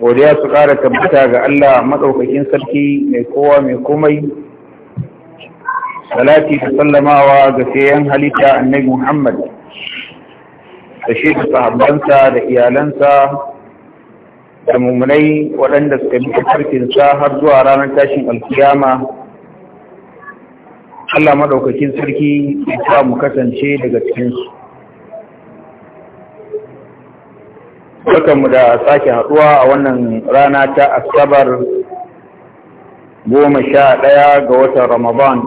godiya su ƙara tabbata ga Allah maɗaukakin sarki mai kowa mai komai salati da sallamawa ga sayan halitta annabi Muhammad da shi da sahabbansa da iyalansa da mummunai waɗanda suka bi farkinsa har zuwa ranar tashin alkiyama Allah maɗaukakin sarki ya sa mu kasance daga cikinsu Barkanmu da sake haɗuwa a wannan rana ta Asabar goma sha ɗaya ga watan Ramadan.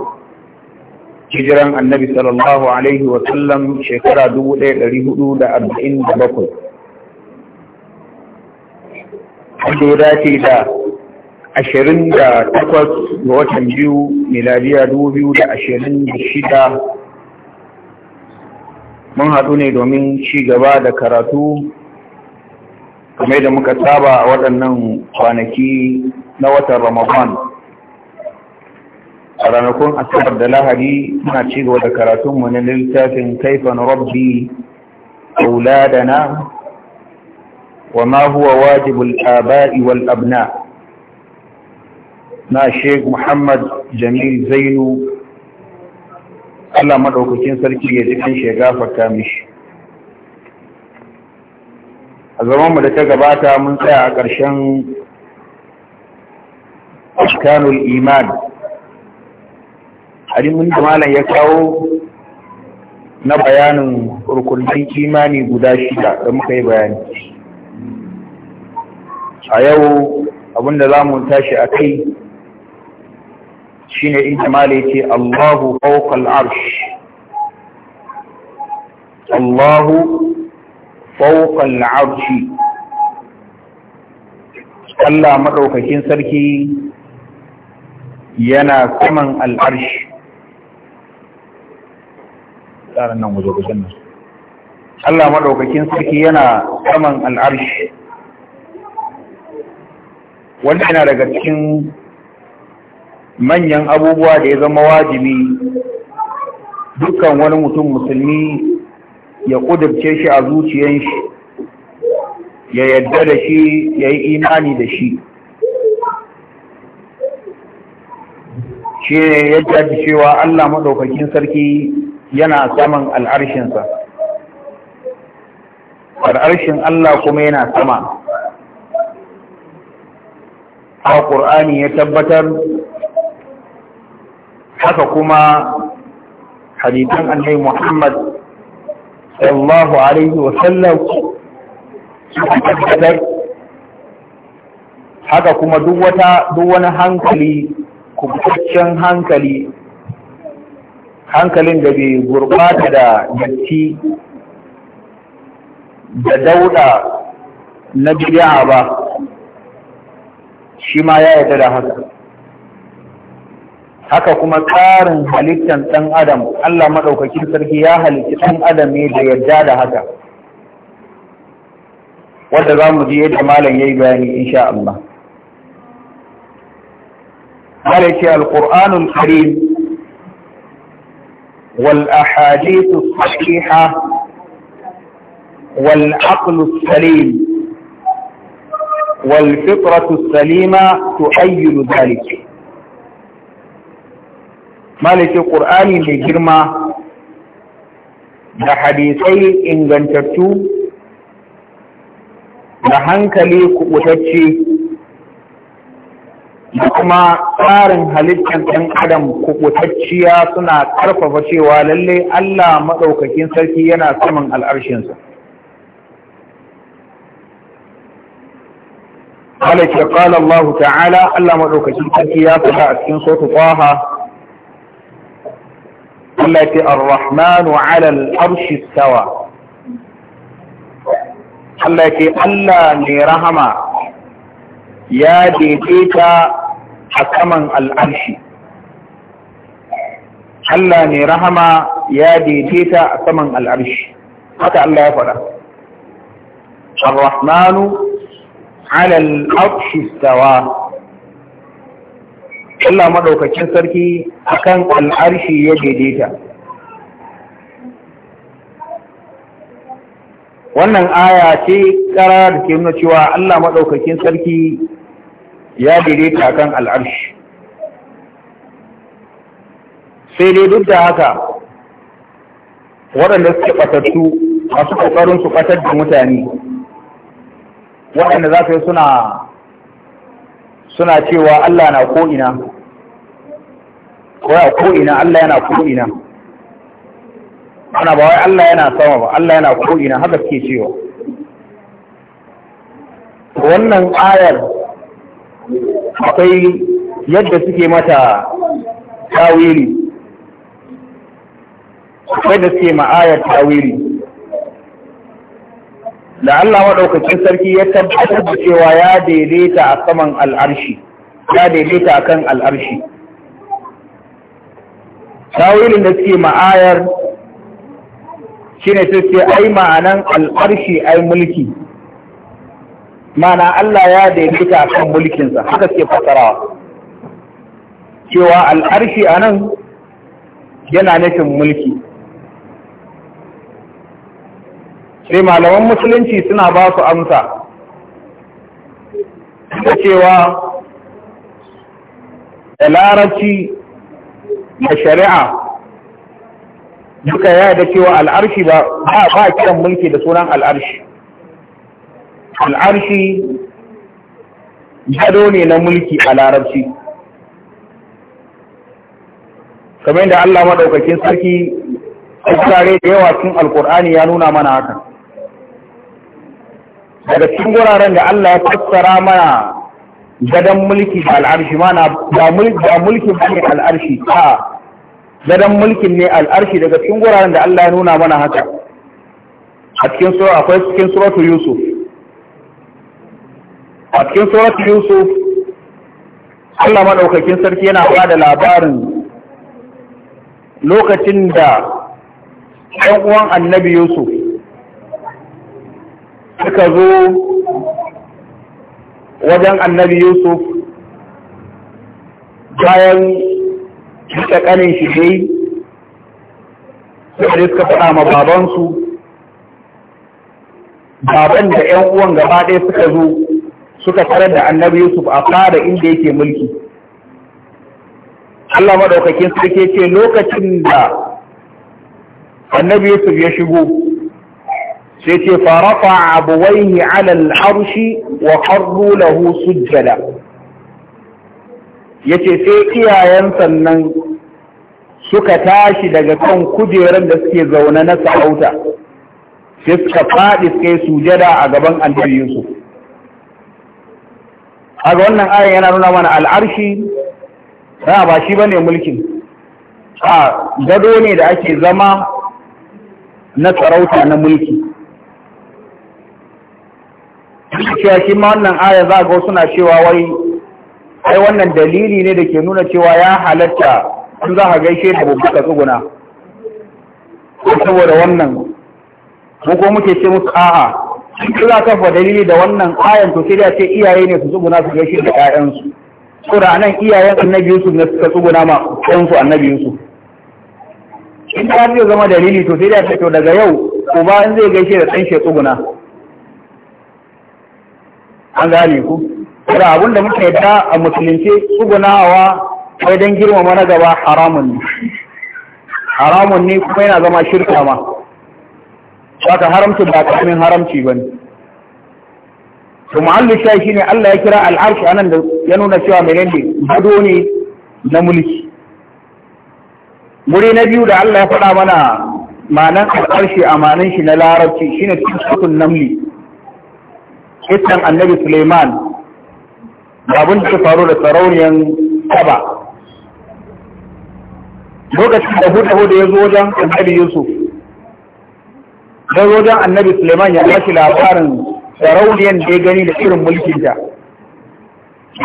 Hijiran annabi sallallahu Alaihi wasallam shekara dubu ɗaya ɗari hudu da arba'in da bakwai. Wanda dace da ashirin da takwas ga watan biyu miladiya dubu biyu da ashirin da shida mun haɗu ne domin ci gaba da karatu kamar da muka saba a waɗannan kwanaki na watan ramadan a ranakun asabar da lahadi muna ci gaba da karatunmu na littafin kaifan rabbi auladana wa ma huwa wajibul aba'i wal abna na sheikh muhammad jamil zainu Allah maɗaukakin sarki ya ji kan shegafa mishi a mu da ta gabata mun tsaya a ƙarshen ashkanul iman a da ya kawo na bayanin rukunin imani guda shida da muka yi bayani a yau abinda za mu tashi a kai shine in malai ce allahu kawo kal'arshi allahu فوق العرش Allah maɗaukakin sarki yana saman al'arshi. Tsarin nan waje nan. Allah maɗaukakin sarki yana saman al'arshi. Wanda yana daga cikin manyan abubuwa da ya zama wajibi dukkan wani mutum musulmi ya ƙudurce shi a zuciyan shi ya yadda da shi ya yi imani da shi shi ne ya jaji cewa Allah maɗaukakin sarki yana saman al'arshinsa al'arshin Allah kuma yana sama a ƙur'ani ya tabbatar haka kuma haditan annai Muhammad sallallahu alaihi wa sallam haka kuma duk wata duk wani hankali kubutaccen hankali hankalin da bai gurbata da datti da dauda na bid'a ba shi ma ya yarda da haka haka kuma tsarin halittar ɗan adam Allah maɗaukakin sarki ya halitti ɗan adam ne da yadda da haka wadda za mu ji yadda malam ya yi bayani insha Allah malaki Alkur'anun karim wal ahadithu sahiha wal aqlu salim wal fitratu salima tu'ayyidu malake ƙur'ani mai girma da hadisai ingantattu da hankali kubutacce da kuma tsarin halittar ɗan adam kubutacciya suna ƙarfafa cewa lallai Allah maɗaukakin sarki yana saman al'arshinsa. Halace ƙala Allah ta'ala Allah maɗaukakin sarki ya fita a cikin sotu Allah ya Allah ya ce Allah ne rahama ya daidaita a saman al'arshi Allah maɗaukakin sarki akan al'arshi ya daidaita. Wannan aya ce ƙara da ke nuna cewa Allah maɗaukakin sarki ya daidaita akan al'arshi. Sai dai duk da haka waɗanda suke ɓatattu masu ƙoƙarin su ɓatar da mutane waɗanda za su yi suna suna cewa Allah na ko'ina a ko'ina Allah yana ko'ina ana ba wai Allah yana sama ba Allah yana ko'ina haka ke cewa wannan ayar akwai yadda suke mata tawiri, akwai da suke ma'ayar tawiri. da Allah maɗaukakin sarki ya tabbatar da cewa ya daidaita a saman al'arshi ya daidaita a kan al'arshi tawilin da suke ma'ayar shi ne su ce ai ma'anan al'arshi ai mulki mana Allah ya daidaita a kan mulkinsa haka suke fasarawa cewa al'arshi a nan yana nufin mulki sai malaman musulunci suna ba su amsa da cewa da larabci da shari'a duka ya da cewa al'arshi ba ba kiran mulki da sunan al'arshi al'arshi gado ne na mulki a larabci kamar da Allah maɗaukakin sarki a da yawa cin alkur'ani ya nuna mana hakan daga cikin wuraren da Allah ya fassara mana gadon mulki da al'arshi mana ba mulki ba ne al'arshi a gadon mulkin ne al'arshi daga cikin wuraren da Allah ya nuna mana haka a cikin sura akwai cikin suratu Yusuf a cikin suratu Yusuf Allah madaukakin sarki yana ba da labarin lokacin da ɗan uwan annabi Yusuf suka zo wajen annabi yusuf bayan duka ƙanin shi ne suka suka faɗa ma babansu baban da 'yan uwan gaba ɗaya suka zo suka tarar da annabi yusuf a fara inda yake mulki Allah maɗaukakin sarki ce lokacin da annabi yusuf ya shigo sai ce farafa abuwaihi alal arshi wa qarru lahu sujjada yace sai iyayen sannan suka tashi daga kan kujerar da suke zaune na sarauta sai suka faɗi suka yi sujada a gaban annabi Yusuf ga wannan ayan yana nuna mana al'arshi ba ba shi bane mulkin a gado ne da ake zama na sarauta na mulki cewa shi ma wannan aya za ga suna cewa wai ai wannan dalili ne da ke nuna cewa ya halatta sun za ka gaishe da bubbuka tsuguna saboda wannan ko muke ce musu a'a sun za ka fa dalili da wannan ayan to sai da ce iyaye ne su tsuguna su gaishe da ƴaƴansu ko da anan iyayen annabi Yusuf ne suka tsuguna ma ƴansu annabi Yusuf in ta zai zama dalili to sai da ce to daga yau uba in zai gaishe da ɗan shi tsuguna an gane ku da abin da muka yadda a musulunci tsugunawa kai don girmama na gaba haramun ne haramun ne kuma yana zama shirka ma saka haramci ba kamin haramci ba ne to mu'allu shi ne Allah ya kira al'arshi anan da ya nuna cewa mai menene gado ne na mulki muri na biyu da Allah ya faɗa mana manan al'arshi a ma'anan shi na larabci shi shine cikin namli kitan annabi Suleiman abin da ya faru da sarauniyan saba lokacin da hudu da ya zo wajen annabi Yusuf ya zo wajen annabi Suleiman ya bashi labarin sarauniyar da ya gani da irin mulkinta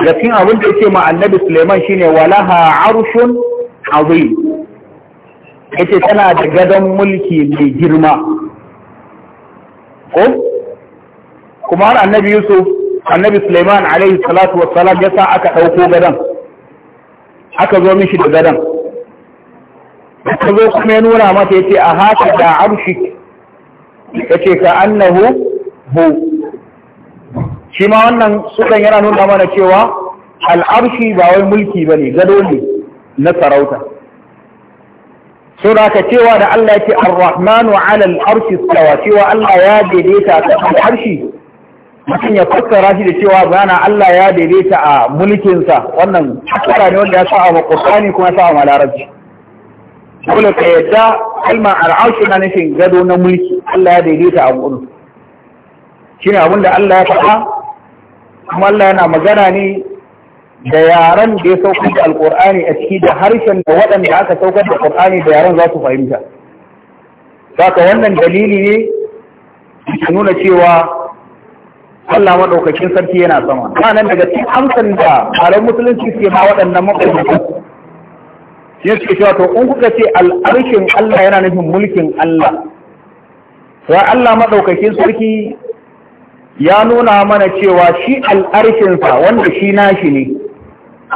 da cikin abin da ke ma annabi Suleiman shine walaha arshun azim yace tana da gadon mulki mai girma ko kuma har annabi yusuf annabi suleiman alaihi salatu wassalam ya sa aka ɗauko gadon aka zo mishi da gadon aka zo kuma ya nuna mata ya ce a haka da arshi ya ce ka annahu hu shi ma wannan sukan yana nuna mana cewa al'arshi ba wai mulki ba ne gado ne na sarauta Suna ka cewa da Allah ya ce ar-rahmanu ala al-arshi cewa Allah ya daidaita ta al mutum ya fassara shi da cewa bayana Allah ya daidaita a mulkinsa wannan fassara ne wanda ya sa a Qur'ani kuma ya sa a Larabci kula ka yadda kalmar al'aushi na nufin gado na mulki Allah ya daidaita a gudu shine abin da Allah ya faɗa kuma Allah yana magana ne da yaran da ya sauka da alƙur'ani a ciki da harshen da waɗanda aka saukar da ƙur'ani da yaran za su fahimta saka wannan dalili ne nuna cewa Allah maɗaukakin sarki yana sama nan daga cikin amsan da taron musulunci suke ma waɗannan maƙwabta shi ne suke cewa to in kuka ce al'arshin Allah yana nufin mulkin Allah sai Allah maɗaukakin sarki ya nuna mana cewa shi al'arshinsa wanda shi nashi ne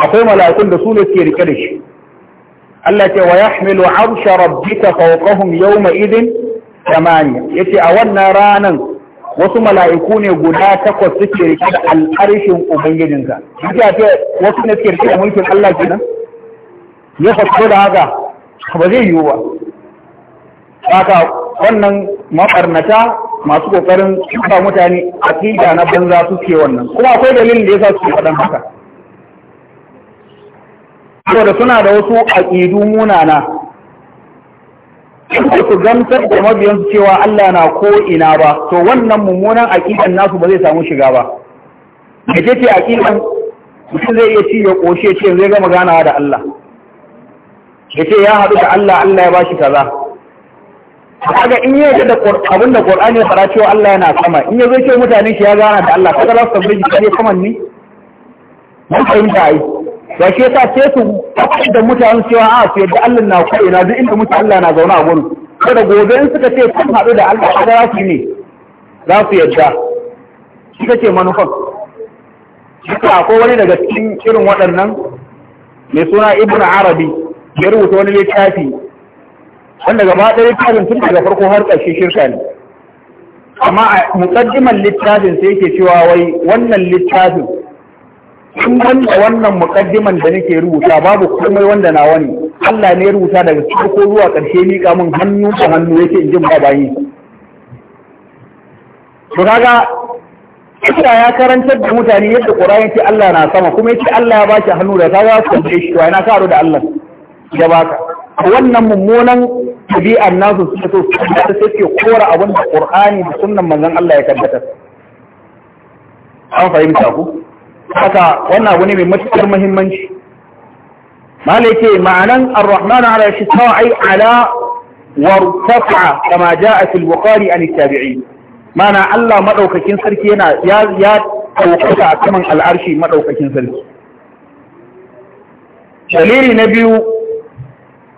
akwai mala'ikun da su ne suke rike da shi Allah ce wa yahmilu arsha rabbika fawqahum yawma idin tamaniya yace a wannan ranan wasu mala'iku ne guda takwas suke rike da al'arshin ubangijinka yake a ce wasu ne suke rike da mulkin Allah kenan ya fasko da haka ba zai yiwu ba haka wannan mabarnata masu kokarin ba mutane a aqida na banza suke wannan kuma akwai dalilin da yasa suke faɗan haka saboda suna da wasu aqidu munana in ku gamsar da su cewa Allah na ko ina ba to wannan mummunan aqidan nasu ba zai samu shiga ba kace ce aqidan mutum zai iya ci ya koshe ce zai gama ganawa da Allah yace ya haɗu da Allah Allah ya bashi kaza kaga in yi da abin da Qur'ani ya fara cewa Allah yana sama in yazo ce mutane shi ya gana da Allah kaga za su tambaye ne kaman ni mun fahimta ai ya shi sa su tabbatar da mutanen cewa a ah, su da Allah na ko ina duk inda mutane Allah na zaune a gurin kada gobe in suka ce kan haɗu da Allah a za su ne za su yadda shi kace manufan haka akwai wani daga cikin irin waɗannan mai suna Ibn Arabi ya rubuta wani littafi wanda gaba ɗaya littafin tun daga farko har ƙarshe shirka ne amma a muƙaddiman littafin sai yake cewa wai wannan littafin in da wannan mukaddiman da nake rubuta babu komai wanda na wani Allah ne ya rubuta daga farko zuwa ƙarshe miƙa min hannu da hannu yake in jin babayi bayi to kaga ya karantar da mutane yadda Qur'ani ce Allah na sama kuma yake Allah ya baki hannu da kaga su tambaye shi wai na karo da Allah ya baka wannan mummunan tabi'an nasu suka so su da suke kora abin da Qur'ani da sunnan manzon Allah ya kaddata an fahimta ku haka wannan abu ne mai matuƙar muhimmanci malike ma'anan ar-rahman ala shi tawa'i ala wartafa kama ja'a fil bukhari an tabi'i mana Allah madaukakin sarki yana ya ya daukaka a saman al'arshi madaukakin sarki dalili na biyu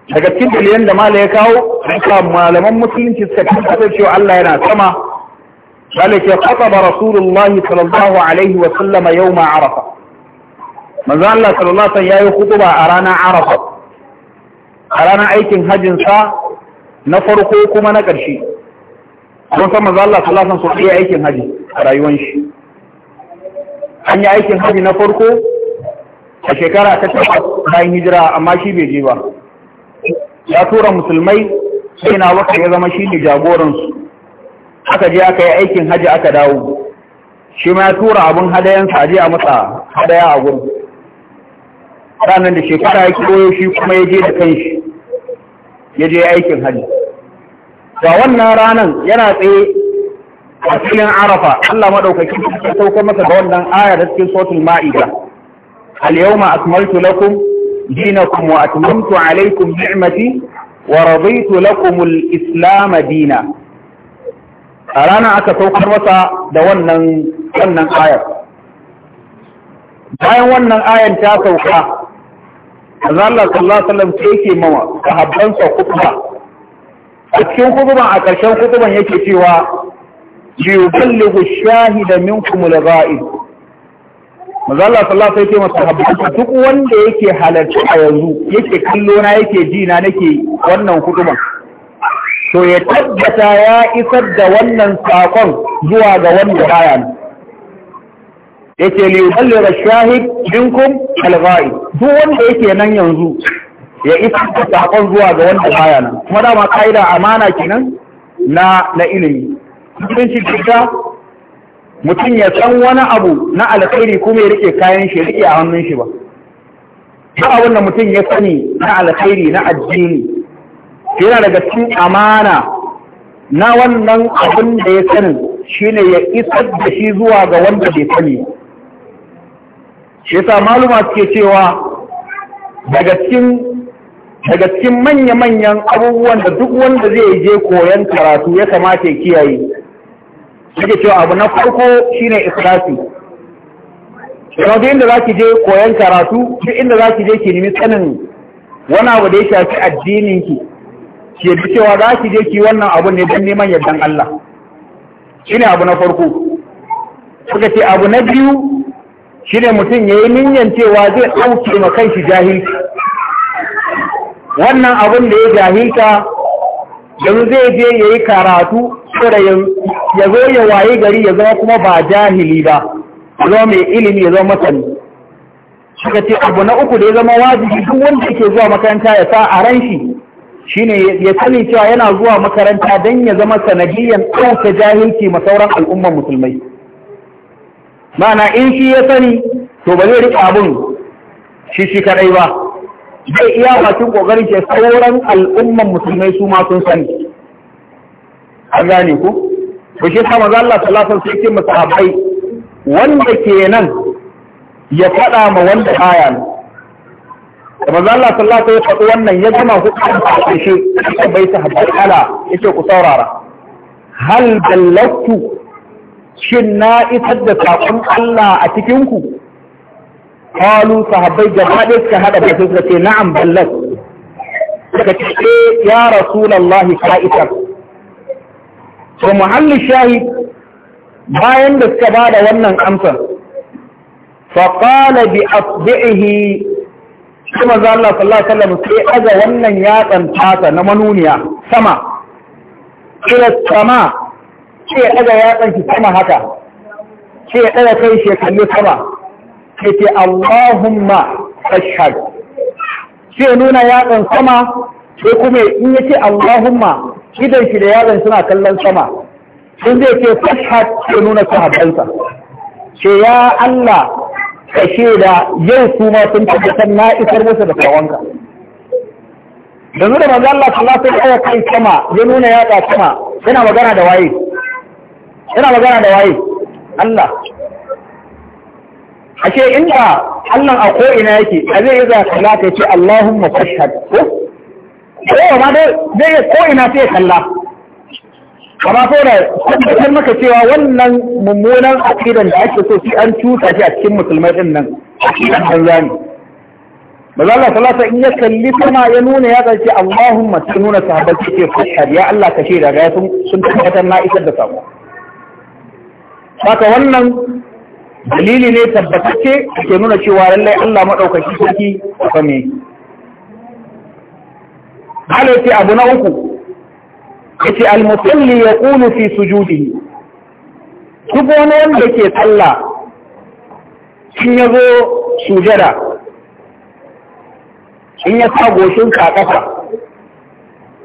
daga cikin dalilan da mala ya kawo malaman musulunci suka tabbatar cewa Allah yana sama Malik ya ba Rasulullah sallallahu alaihi wa sallama yawma Arafa. Manzo Allah sallallahu alaihi yayi a ranar Arafa. A ranar aikin hajjin na farko kuma na ƙarshe. Don san manzo Allah sallallahu alaihi wasallam aikin hajji a rayuwar shi. An yi aikin hajji na farko a shekara ta takwas bayan hijira amma shi bai je ba. Ya musulmai sai na ya zama shi ne jagoransu. aka je aka yi aikin haji aka dawo shi ma ya tura abin hadayensa aje a masa hadaya a gurin ranar da shekara ya kiroyo shi kuma ya je da kanshi ya je aikin haji Ba wannan ranar yana tsaye a filin arafa Allah maɗaukaki ta saukar masa da wannan aya da cikin sautin ma'ida al-yawma akmaltu lakum dinakum wa atmamtu alaykum ni'mati wa raditu lakum al-islam dinan a ranar aka saukar masa da wannan wannan ayar bayan wannan ayar ta sauka Allah sallallahu alaihi wasallam sai yake mawa sa kutuba a cikin kutuban a ƙarshen kutuban yake cewa yuballighu shahida minkum al-ghaib manzo Allah sallallahu alaihi wasallam sai yake masa duk wanda yake halarci a yanzu yake kallo na yake ji na nake wannan kutuban to ya tabbata ya isar da wannan sakon zuwa ga wanda baya yake li yuballira shahid minkum al-ghaib duk wanda yake nan yanzu ya isar da sakon zuwa ga wanda baya nan kuma dama kaida amana kenan na na ilimi shi cikin mutum ya san wani abu na alkhairi kuma ya rike kayan shi rike a hannun shi ba duk abin da mutum ya sani na alkhairi na addini yana daga cikin amana na wannan abin da ya sani shine ya isar da shi zuwa ga wanda bai sani shi yasa maluma suke cewa daga cikin daga manya-manyan abubuwan da duk wanda zai je koyon karatu ya kamata ya kiyaye suke cewa abu na farko shine ikhlasi yanzu duk inda za je koyon karatu duk inda zaki je ki nemi sanin wani abu da ya shafi addininki ke da cewa za ki je ki wannan abu ne don neman yardan Allah Shi ne abu na farko suka ce abu na biyu shi ne mutum ya yi niyan cewa zai ɗauke ma kanshi jahilci wannan abin da ya jahilta yanzu zai je ya yi karatu da ya zo ya waye gari ya zama kuma ba jahili ba ya zama mai ilimi ya zama masani suka ce abu na uku da ya zama wajibi duk wanda yake zuwa makaranta ya sa a ran shi shine ya sani cewa yana zuwa makaranta don ya zama sanadiyyar ɗauka jahilci ma sauran al'umman musulmai ma'ana in shi ya sani to ba zai riƙa abin shi shi kaɗai ba zai iya bakin ƙoƙarin ke sauran al'umman musulmai su ma sun sani an gane ku ba shi sama za Allah talafin sai ce masahabai wanda kenan ya faɗa ma wanda kaya da manzo Allah sallallahu alaihi wasallam ya wannan ya gama hukuncin da shi ya bai ta habala yace ku saurara hal ballatu shin na isar da saƙon Allah a cikinku? ku qalu sahabbai gaba da suka hada da suka ce na'am ballat suka ce eh, ya rasulullahi ka isar to muhalli shahid bayan da suka bada wannan amsa bi بأصبعه sai manzo Allah sallallahu alaihi wasallam sai aza wannan yatsan tasa na manuniya sama ila sama sai aza yatsan ki sama haka sai ya daga kai shi kalli sama sai ce Allahumma ashhad sai nuna yatsan sama sai kuma in yace Allahumma idan shi da yatsan suna kallon sama sun zai ce fashhad sai nuna sahabbansa ce ya Allah kashe da yau su ma sun tabbatar na isar musu da kawanka yanzu da manzo Allah sallallahu alaihi wasallam kai sama ya nuna ya ta sama yana magana da waye yana magana da waye Allah ashe inda Allah a ko ina yake a zai yi za ka lafi ka ce Allahumma fashhad ko ko ma dai zai ko ina sai kalla amma ko da tabbatar maka cewa wannan mummunan aqidan da ake so shi an cuta shi a cikin musulmai din nan aqidan banza ne za Allah sallallahu in ya kalli sama ya nuna ya tsace Allahumma sun nuna sahabbai ce fashar ya Allah kashe da gaya sun sun tabbatar na isar da sako haka wannan dalili ne tabbatacce ke nuna cewa lallai Allah madaukaki sarki kuma me ce abu na uku yace al-musalli yaqulu fi sujudihi duk wani wanda ke sallah in ya zo sujada in ya sa goshin ka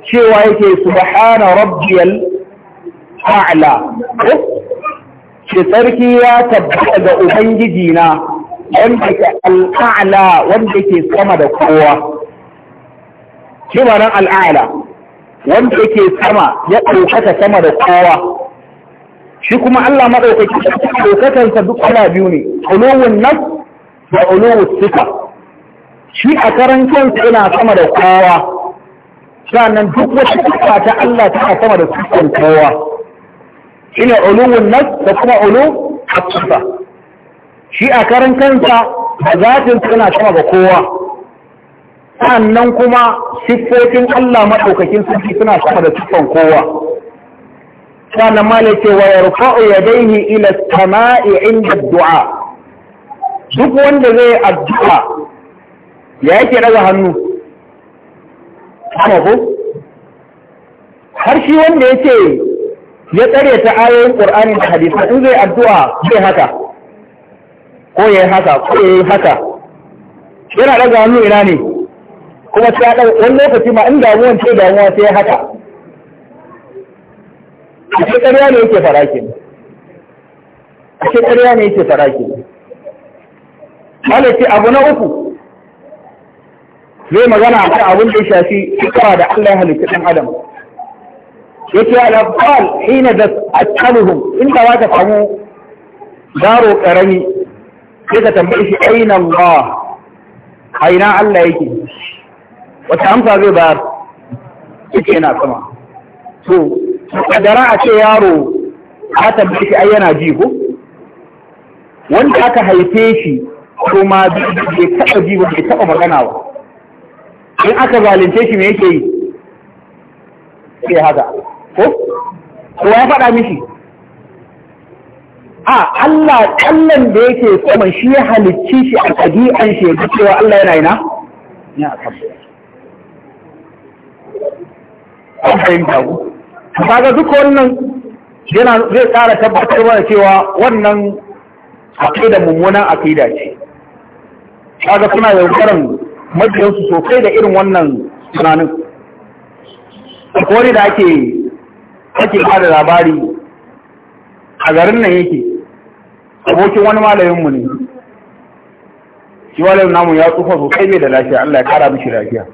cewa yake subhana rabbiyal a'la ce sarki ya tabbata ga ubangiji na wanda ke al'a'la wanda ke sama da kowa shi ma nan wanda yake sama ya ɗaukata sama da kowa shi kuma Allah maɗaukaki ɗaukakansa duk kala biyu ne ulowun nas da ulowun sifa shi a karan kansa yana sama da kowa sannan duk wata sifa ta Allah tana sama da sifan kowa shi ne ulowun nas da kuma a sifa shi a karan kansa da zatin tana sama da kowa nan kuma siffofin Allah maɗaukakin sarki suna sama da siffan kowa sannan malai ce wa ya yadayhi ila sama'i inda du'a duk wanda zai addu'a ya yake daga hannu sama ko har shi wanda yake ya tsare ta ayoyin Qur'ani da hadisa in zai addu'a zai haka ko yi haka ko yi haka yana daga hannu ina ne kuma ta ɗau wani lokaci ma in damuwan ce damuwa sai haka a ce ƙarya ne yake fara ke a ce ƙarya ne yake fara ke malaki abu na uku zai magana a kan abin da ya shafi fitowa da Allah ya halitta ɗan adam yake al-afal hina da ataluhum inda ba ka samu daro ƙarami sai ka tambaye shi aina A ina Allah yake wata amsa zai bayar yake yana sama to kadara a ce yaro a tambaye shi ai yana ji ko wanda aka haife shi kuma bai taɓa ji ba bai taɓa magana ba in aka zalunce shi me yake yi sai haka ko ko ya faɗa mishi a Allah kallon da yake saman shi ya halicci shi a ɗabi'an shi ya cewa Allah yana yana ya tabbata an fahimta ku ga duka wannan yana zai tsara tabbatar mana cewa wannan aqida mummunan akida ce ga suna yaukaran majiyarsu sosai da irin wannan tunanin wani da ake ake da labari a garin nan yake abokin wani malaminmu ne shi malamin namun ya tsufa sosai bai da lafiya Allah ya kara mishi lafiya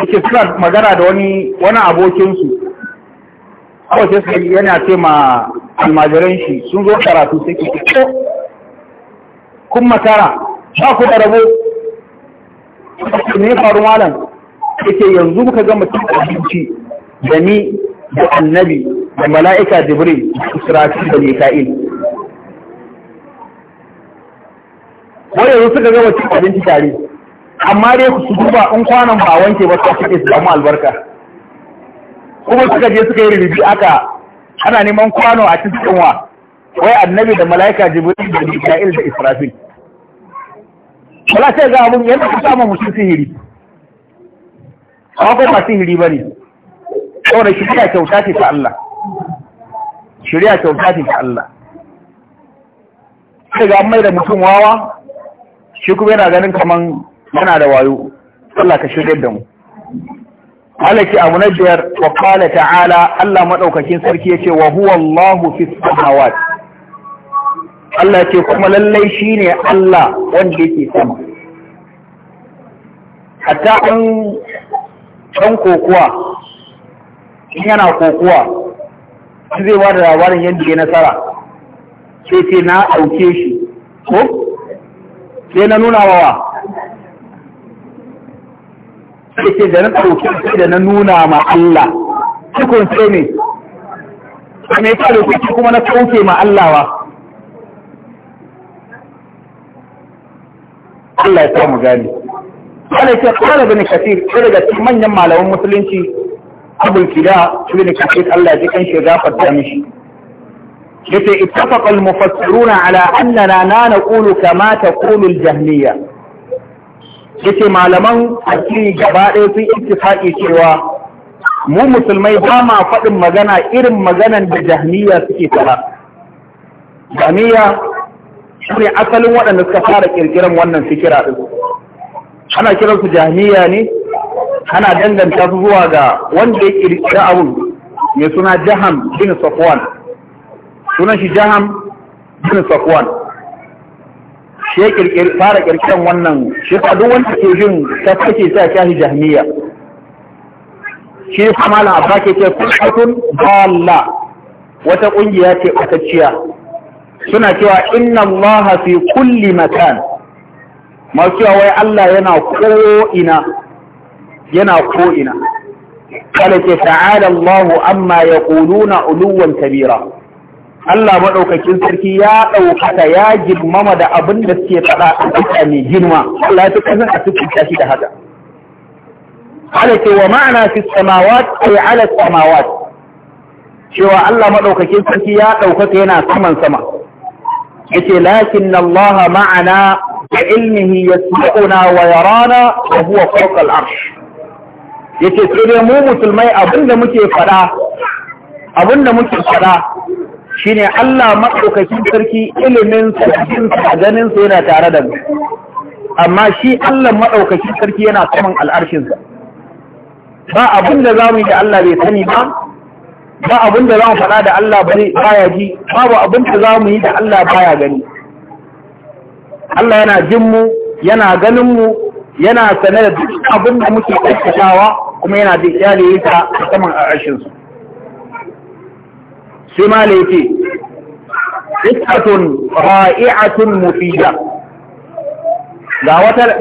yake suna magana da wani wani abokinsu kawai sai suka yana ce ma almajiran shi sun zo karatu sai ke ko kun makara ba ku da rabo ne faru malam yake yanzu muka ga mutum abinci da ni da annabi da mala'ika jibril israfi da mika'il wani yanzu suka ga mutum abinci tare amma dai su duba in kwanan ba a wanke ba su suke su damu albarka kuma suka je suka yi rubi aka ana neman kwano a cikin wa wai annabi da mala'ika jibril da isra'il da israfil wala sai ga abun yadda ka samu mutum sihiri ba ko ba sihiri ba ne saboda shirya kyauta ce ta Allah shirya kyauta ce ta Allah sai ga mai da mutum wawa shi kuma yana ganin kaman yana da wayo Allah ka shirya da mu abu na biyar wa qala ta'ala Allah madaukakin sarki yace wa huwa Allahu fis samawati Allah ce kuma lallai shine Allah wanda yake sama hatta an dan kokuwa in yana kokuwa shi zai ba da labarin yadda ya nasara sai sai na ɗauke shi ko sai na nuna wa yake da na ɗauki da na nuna ma Allah cikon sai ne a mai kare kuki kuma na kauke ma Allah wa Allah ya samu gani wanda ke kare bin kafir ko daga cikin manyan malaman musulunci abul kida bin kafir Allah ya ji kan shi gafarta mishi yace ittafaqa al-mufassiruna ala annana na naqulu kama taqulu al-jahmiyya yace malaman addini gaba ɗaya sun ittifaqi cewa mu musulmai ba ma faɗin magana irin maganan da jahmiya suke fara jahmiya shine asalin waɗanda suka fara ƙirƙiran wannan fikira din ana kiransu jahmiya ne ana danganta su zuwa ga wanda ya kirkira abun mai suna jaham bin safwan sunan shi jaham bin safwan shi ya fara kirkiran wannan shi ta duk wanda ke jin ta farke sai a kyashi jahmiya shi ya sama abba ke ce kulkatun balla wata kungiya ce ɓatacciya suna cewa inna allaha fi kulli makan masu cewa wai allah yana ko'ina yana ko'ina kala ke ta'ala allahu amma ya kuluna uluwan kabira Allah maɗaukakin sarki ya ɗaukata, ya girmama da abin da suke faɗa a ɗauka mai girma Allah ya fi ƙasar a cikin tashi da haka ala ce wa ma'ana fi samawat ay ala samawat cewa Allah maɗaukakin sarki ya ɗaukaka yana saman sama Ya ce lakin na Allah ma'ana da ilmihi yasma'una wa yarana wa huwa fawqa al Ya ce sai dai mu musulmai abinda muke faɗa abinda muke faɗa shine Allah maɗaukakin sarki ilimin a ganinsa yana tare da mu amma shi Allah maɗaukakin sarki yana saman al'arshinsa ba abin da za mu yi da Allah bai sani ba ba abin da za mu faɗa da Allah baya ji babu abin da za mu yi da Allah baya gani Allah yana jin mu yana ganin mu yana sane da duk abin da muke aikatawa kuma yana da iyali ta saman al'arshinsa sai ma ne ce iskatun ra'i'atun mufida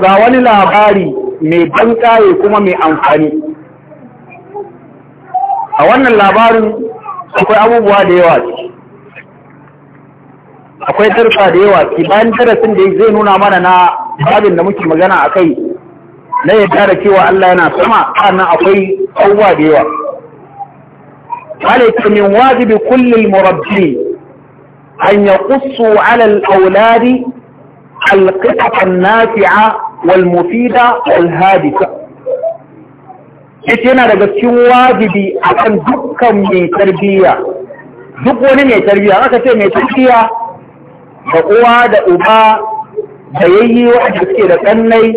ga wani labari mai ban kaye kuma mai amfani a wannan labarin akwai abubuwa da yawa akwai tarfa da yawa bayan darasin da zai nuna mana na babin da muke magana a kai na yadda da cewa Allah yana sama sannan akwai abubuwa da yawa عليك من واجب كل المربين أن يقصوا على الأولاد القطة النافعة والمفيدة والهادفة إتنا لقصوا واجبي أن دكا من تربية دكا من تربية أنا كنت من تربية فأواد أبا بيهي واحد يسكي لكني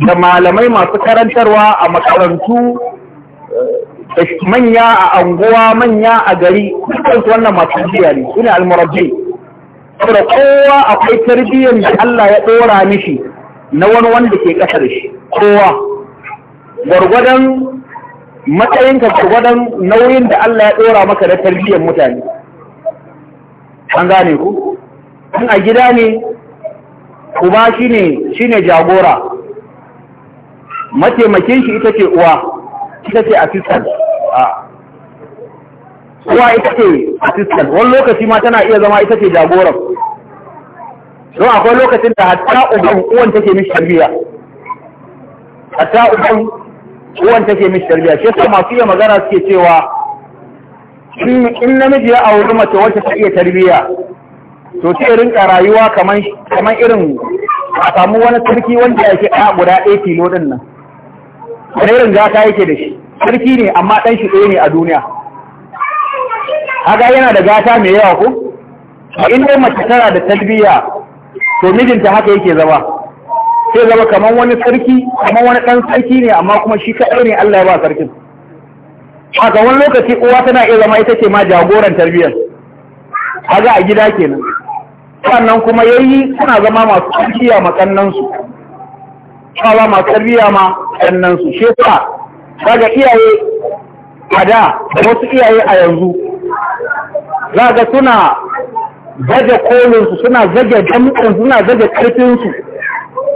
فجمال ميما سكرا تروى أما كرنتو manya a anguwa manya a gari dukkan wannan masu biya ne ne almurabbi saboda kowa akwai tarbiyyar da Allah ya dora mishi na wani wanda ke kasar shi kowa gwargwadon matsayinka gwargwadon nauyin da Allah ya dora maka da tarbiyyar mutane an gane ku in a gida ne uba shi ne jagora mataimakin shi ita ce uwa ita ce assistant a ita ce assistant wani lokaci ma tana iya zama ita ce jagoran don akwai lokacin da hatta uban uwan take mishi tarbiya hatta uban uwan take mishi tarbiya shi yasa masu iya magana suke cewa in namiji ya auri mace wacce ta iya tarbiya to sai rinka rayuwa kamar irin a samu wani sarki wanda ya ke ɗaya guda ɗaya filo ɗin nan rairin gata yake da shi sarki ne amma ɗan shi ɗaya ne a duniya haga yana da gata mai yawa ko a inda mace tara da talbiya to mijinta haka yake zama sai zama kamar wani sarki kamar wani ɗan sarki ne amma kuma shi kaɗai ne Allah ya ba sarkin A wani lokaci uwa tana iya zama ita ce ma jagoran tarbiyyar haga a gida kenan sannan kuma yayi suna zama masu tarbiyya makannansu Allah masu tarbiyya ma waɗannansu shi sa daga iyaye a da wasu iyaye a yanzu za ga suna zage kolinsu suna zage jami'in suna zage karfinsu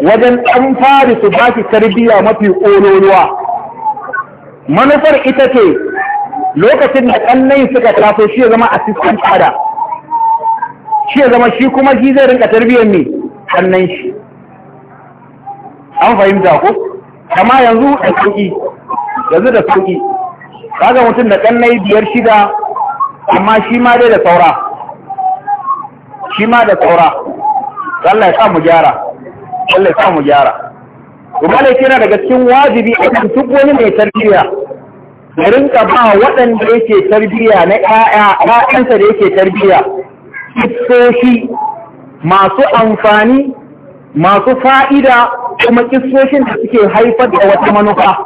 wajen ɗan fari su ba shi tarbiyya mafi ƙololuwa manufar ita ce lokacin da ƙannai suka taso shi ya zama asistan tsada shi ya zama shi kuma shi zai rinka tarbiyyar ne ƙannan shi an fahimta ku? kama yanzu da sauki yanzu da sauki kaga mutum da kannai biyar shida amma shi ma dai da saura shi ma da saura Allah ya sa mu gyara Allah ya sa mu gyara kuma da kira daga cikin wajibi a kan duk wani mai tarbiyya ya rinka ba waɗanda yake tarbiyya na ƴaƴa ƴaƴansa da yake tarbiyya siffoshi masu amfani masu fa'ida kuma kisoshin da suke haifar da wata manufa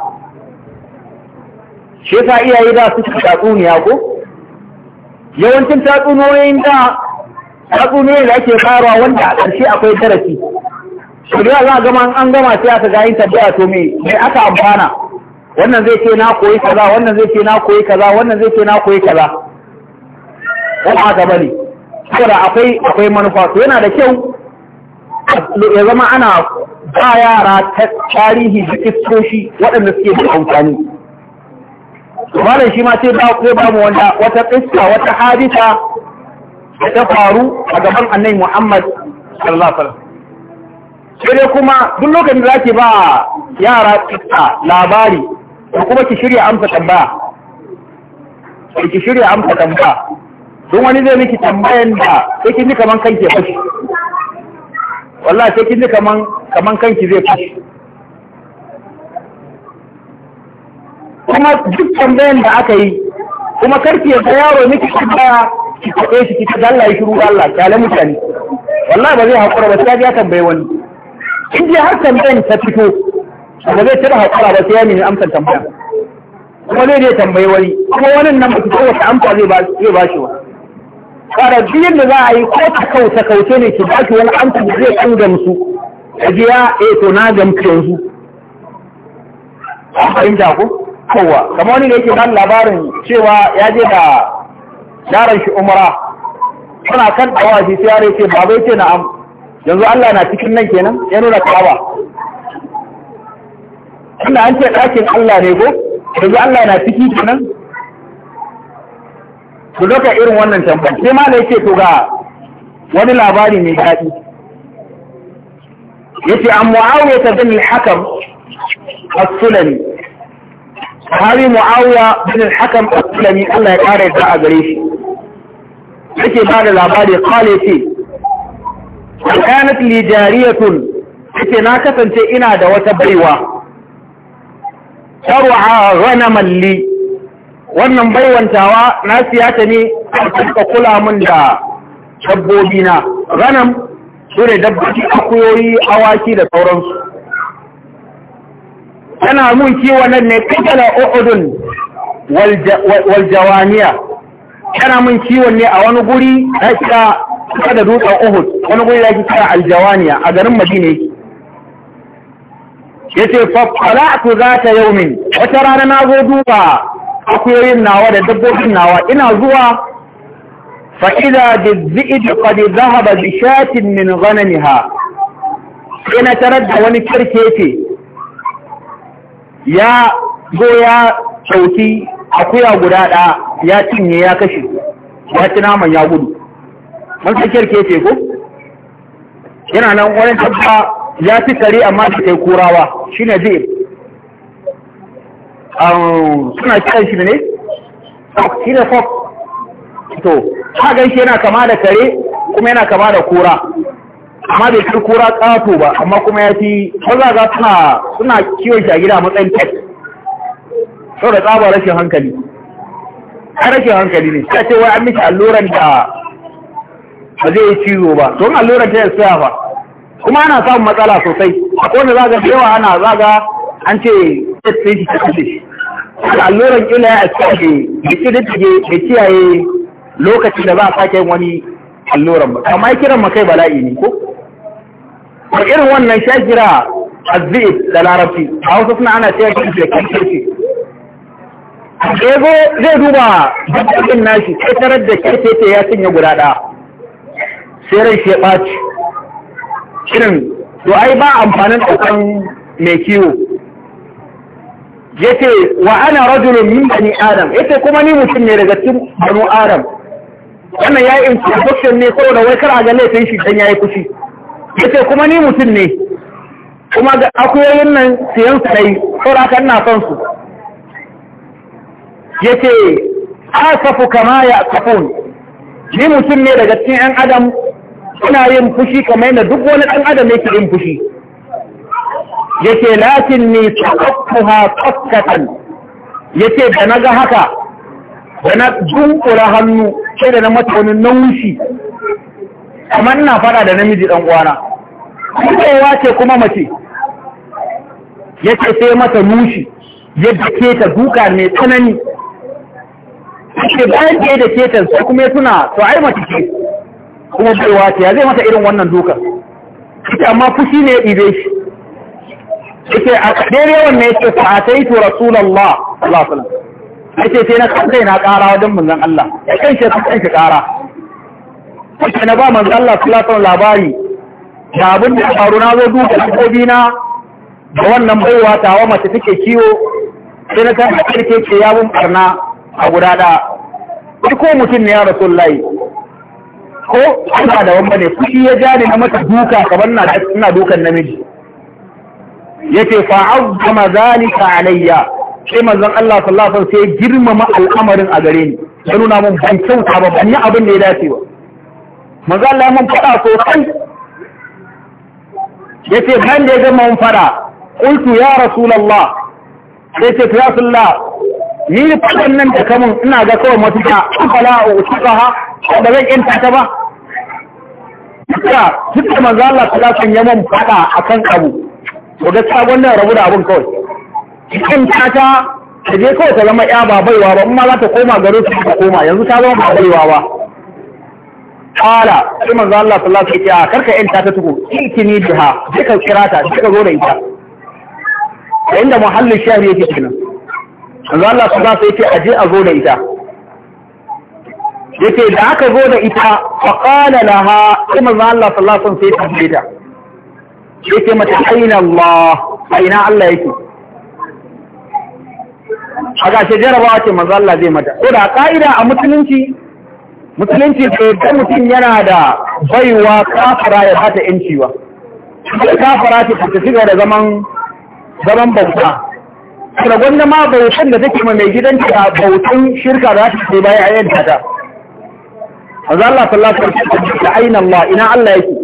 shi yasa iyaye da su ci tatsuniya ko yawancin tatsuniyoyin da tatsuniyoyin da ake farawa wanda a ƙarshe akwai darasi shi da za a gama an gama sai aka gayin tabbata to me mai aka amfana wannan zai ce na koyi kaza wannan zai ce na koyi kaza wannan zai ce na koyi kaza ko haka bane saboda akwai akwai manufa to yana da kyau ya zama ana ba yara ta tarihi da iskoshi waɗanda suke da amfani malam shi ma sai ku ba mu wanda wata iska wata hadisa da ta faru a gaban annai muhammad sallallahu alaihi sai dai kuma duk lokacin da zaki ba yara iska labari da kuma ki shirya amsa tambaya ki shirya amsa tambaya don wani zai miki tambayan da yake ji kaman kanke fashi wallah sai kin ji kaman kaman kanki zai fashi kuma duk tambayan da aka yi kuma karki ya ga yaro miki tambaya ki kaɗe shi ki ga Allah ya shiru Allah kyale mutane wallah ba zai haƙura ba sai ya tambaye wani in je har tambayan ta fito ba zai taɓa haƙura ba sai ya nemi amsar tambaya kuma zai je tambaye wani kuma wannan nan ba ki kowace amsa zai ba shi ba biyun da za a yi ko ta kauce kauce ne ki baki wani an da zai kan gamsu a jiya a eh, to na gamsu yanzu fahimta jaku kowa kamar wani da yake ban labarin cewa ya je da yaron shi umara suna kan dawa shi sai yare ce babai ce na am yanzu Allah na cikin nan kenan ya nuna kaba Allah an ce ɗakin Allah ne ko yanzu Allah na ciki kenan ku irin wannan tambayar sai ma yake to ga wani labari mai daɗi yace an muawiya ta bin al a as-sulami sahabi muawiya bin al-hakam sulami Allah ya ƙara ta a gare shi yake ba da labari kale ce kanat li jariyatun yake na kasance ina da wata baiwa a ghanaman malli. wannan baiwantawa na siyata ne kuka kula mun da dabbobi na ranar su ne dabbobi akuyoyi awaki da sauransu tana mun kiwon nan ne kajala uhudun waljawaniya tana mun kiwon ne a wani guri na kika kuka da dutsen uhud wani guri da kika kira aljawaniya a garin madina ya ce ku za ta min. wata rana na zo duba akuyoyin nawa da dabbobin nawa ina zuwa fa'ida da zi'id ƙadi zahaba bishatin min ghananiha ina tarar da wani kirkete ya zo ya ɗauki akuya guda ɗaya ya cinye ya kashe ya ci naman ya gudu mun san ko yana nan wani tabba ya fi kare amma da kai kurawa shine zi'id suna kiran shi ne shi da fok. to hagan shi yana kama da kare kuma yana kama da kura amma bai kar kura kato ba amma kuma ya fi maza ga suna kiwon shi a gida matsayin tek sau da tsaba rashin hankali a rashin hankali ne sai ce wai an miki alluran da ba zai yi cizo ba to in alluran ta yasa ba kuma ana samun matsala sosai akwai wanda zaga da yawa ana zaga an ce ta da alluran ƙila ya kiyaye da ƙididdige da kiyaye lokacin da za a sake wani alluran ba amma kiran makai bala'i ne ko ba irin wannan sha kira azzi'ib da larabci a wasu suna ana cewa da kan kirki ego zai duba dabbobin nashi sai tarar da kirkete ya sanya guda ɗaya sai ran shi ya ɓaci shirin to ai ba amfanin ɗaukan mai kiwo yace wa ana rajulun min bani adam yace kuma ni mutum ne daga cikin banu adam wannan yayi introduction ne saboda wai kar a ga laifin shi dan yayi kushi yace kuma ni mutum ne kuma ga akuyoyin nan siyan su dai saboda kan na son su yace asafu kama ya kafun ni mutum ne daga cikin yan adam suna yin fushi kamar yadda duk wani dan adam yake yin fushi yake lakin ni ha qaffatan yake da ga haka da na dunkura hannu sai da na mata wani naushi kamar na fada da namiji ɗanuwana uwana kowa ce kuma mace yake sai mata nushi yadda ke ta duka mai tsanani ke bayan ke da ke ta sai kuma ya tuna to ai mace ce kuma baiwa ce ya zai mata irin wannan duka. ita amma fushi ne ya ɗibe shi yake a daidai wannan yake fataitu rasulullah sallallahu alaihi wasallam yake sai na kanta na ƙara wajen manzon Allah ya kanshi kan kanshi ƙara Kuma na ba manzon Allah sallallahu alaihi labari da abin da faru na zo duka dabbobi na da wannan baiwa ta wa mace take kiwo sai na kai kike ce ya bun barna a guda da ko mutum ne ya rasulullahi ko ana da wani ne fushi ya ja na mata duka kamar na dukan namiji yake fa azzama zalika alayya sai manzon Allah sallallahu alaihi wasallam sai girmama al'amarin a gare ni ya nuna mun ban kyauta ba ban yi abin da ya dace ba manzon Allah mun fada sosai yace ban da ya gama mun fada qultu ya rasulullah sai ya rasulullah ni fadan nan da kamun ina ga kawai mutuka fala ko da zan inta ta ba duka duka manzo Allah sallallahu alaihi wasallam ya mun fada akan abu to sabon nan rabu da abin kawai in ta ta je kawai ta zama ya ba baiwa ba in ma za ta koma garin su ta koma yanzu ta zama ba baiwa ba kala sai manzo Allah sallallahu alaihi wasallam ya karka yanta ta tuku ikini biha duka kira ta duka zo da ita da inda muhallin shahri yake kenan manzo Allah sallallahu alaihi wasallam ya aje a zo da ita yace da aka zo da ita fa qala laha sai manzo Allah sallallahu alaihi wasallam sai ta yake mata aina Allah aina Allah yake haka ce jaraba ce manzo Allah zai mata ko da kaida a musulunci musulunci ce da mutum yana da baiwa kafara ya hata yanci ba kafara ce ta shiga da zaman zaman bauta Kuma gwanda ma bautan da take ma mai gidan ta bautan shirka za ta ce bayan ayyanta ta manzo Allah sallallahu alaihi wasallam aina Allah ina Allah yake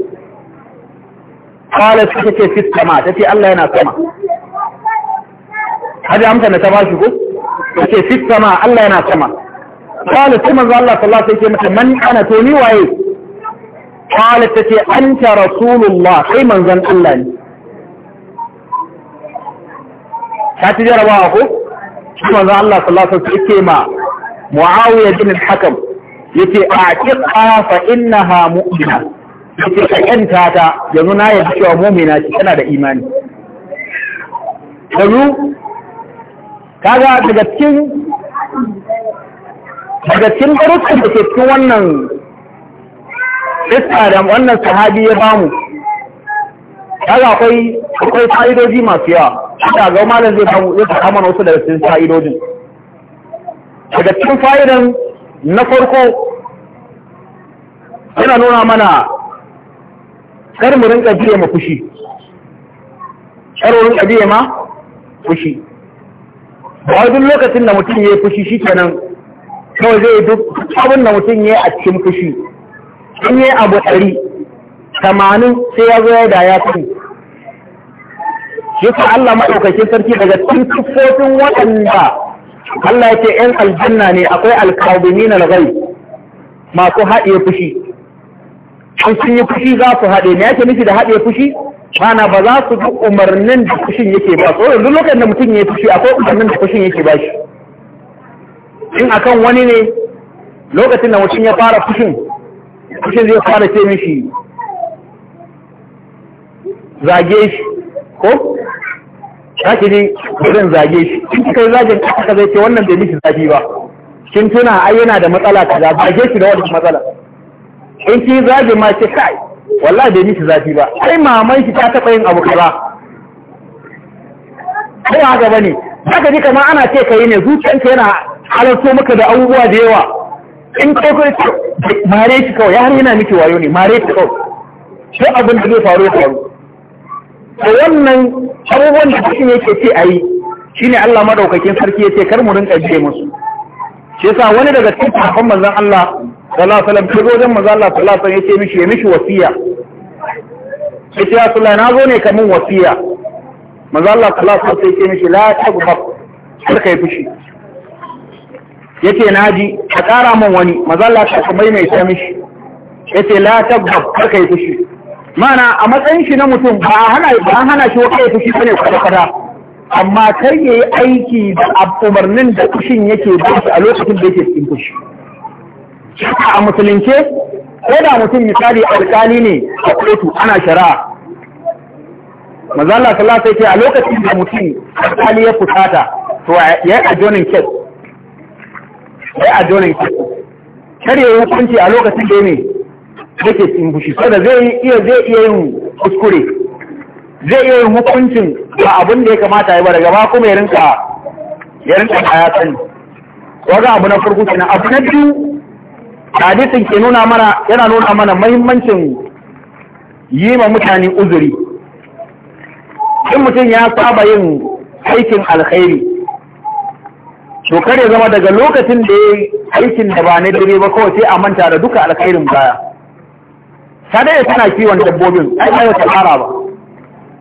قالت تتي في السماء تتي الله ينا سما هذه أمسا نتباشي في السماء الله قالت ثم الله صلى الله عليه وسلم من أنا توني وعيه قالت أنت رسول الله أي الله شاتي دي رواه الله صلى الله عليه وسلم ما معاوية بن الحكم يتي أعتقها فإنها مؤمنة yake ka ta yanzu na yadda cewa mumina ce tana da imani yanzu kaga daga cikin daga cikin darussan da ke cikin wannan iska da wannan sahabi ya bamu kaga akwai akwai fa'idoji masu yawa aka ga malam zai bamu zai kama wasu daga cikin fa'idojin daga cikin fa'idan na farko yana nuna mana kar mu rinka ma fushi kar mu rinka ma fushi ba duk lokacin da mutum ya yi fushi shi kenan kawai zai duk abin da mutum ya yi a cikin fushi in yi abu ɗari tamanin sai ya zo ya da ya fi shi ka Allah maɗaukaki sarki daga cikin siffofin waɗanda Allah ya ce ‘yan aljanna ne akwai alkawbini na lagai masu haɗe fushi in sun yi fushi za su haɗe me yake nufi da haɗe fushi mana ba za su bi umarnin da fushin yake ba so yanzu lokacin da mutum ya fushi akwai umarnin da fushin yake ba shi in akan wani ne lokacin da mutum ya fara fushin fushin zai fara ce mishi zage shi ko zaki ne zan zage shi in ka yi zagen aka zai ce wannan bai mishi zafi ba kin tuna ai yana da matsala ka zage shi da wannan matsala in ki zabi ma ki kai wallahi bai nishi zafi ba ai maman ki ta taba yin abu kaza kai haka bane haka ji kamar ana ce kai ne zuciyanka yana halarto maka da abubuwa da yawa in kai kai mare ki kawai har yana miki wayo ne mare ki kawai sai abin da zai faru ya faru to wannan abubuwan da cikin yake ce ayi shine Allah madaukakin sarki yace kar mu rinka ji musu shi yasa wani daga cikin sahabban manzon Allah sallallahu alaihi wasallam kazo wajen manzo Allah sallallahu alaihi wasallam mishi ya mishi wasiya yace ya sallallahu na zo ne kamin wasiya maza Allah sallallahu alaihi wasallam yace mishi la taghab ka kai fushi na naji ka kara min wani maza Allah sallallahu kuma mai yace mishi yace la taghab ka kai fushi mana a matsayin shi na mutum ba hana ba hana shi wa kai fushi bane kwata kwata amma kar yayi aiki da umarnin da fushin yake ba a lokacin da yake cikin fushi shari'a a musulunce ko da mutum misali alkali ne a kotu ana shari'a mazalla sallah sai ce a lokacin da mutum alkali ya fusata to ya yi adjonin kyau ya yi adjonin kyau kar ya yi hukunci a lokacin da ya ne yake cikin fushi so da zai iya zai iya yin kuskure zai iya yin hukuncin ba abin da ya kamata ya ba daga ba kuma ya rinka ya rinka ya sani waga abu na farko kenan abu na biyu hadisin ke nuna mana yana nuna mana mahimmancin yi ma mutane uzuri in mutum ya saba yin aikin alkhairi to kare zama daga lokacin da ya aikin da ba na dare ba kawai sai a manta da duka alkhairin baya sada ya tana kiwon dabbobin ai ba ta fara ba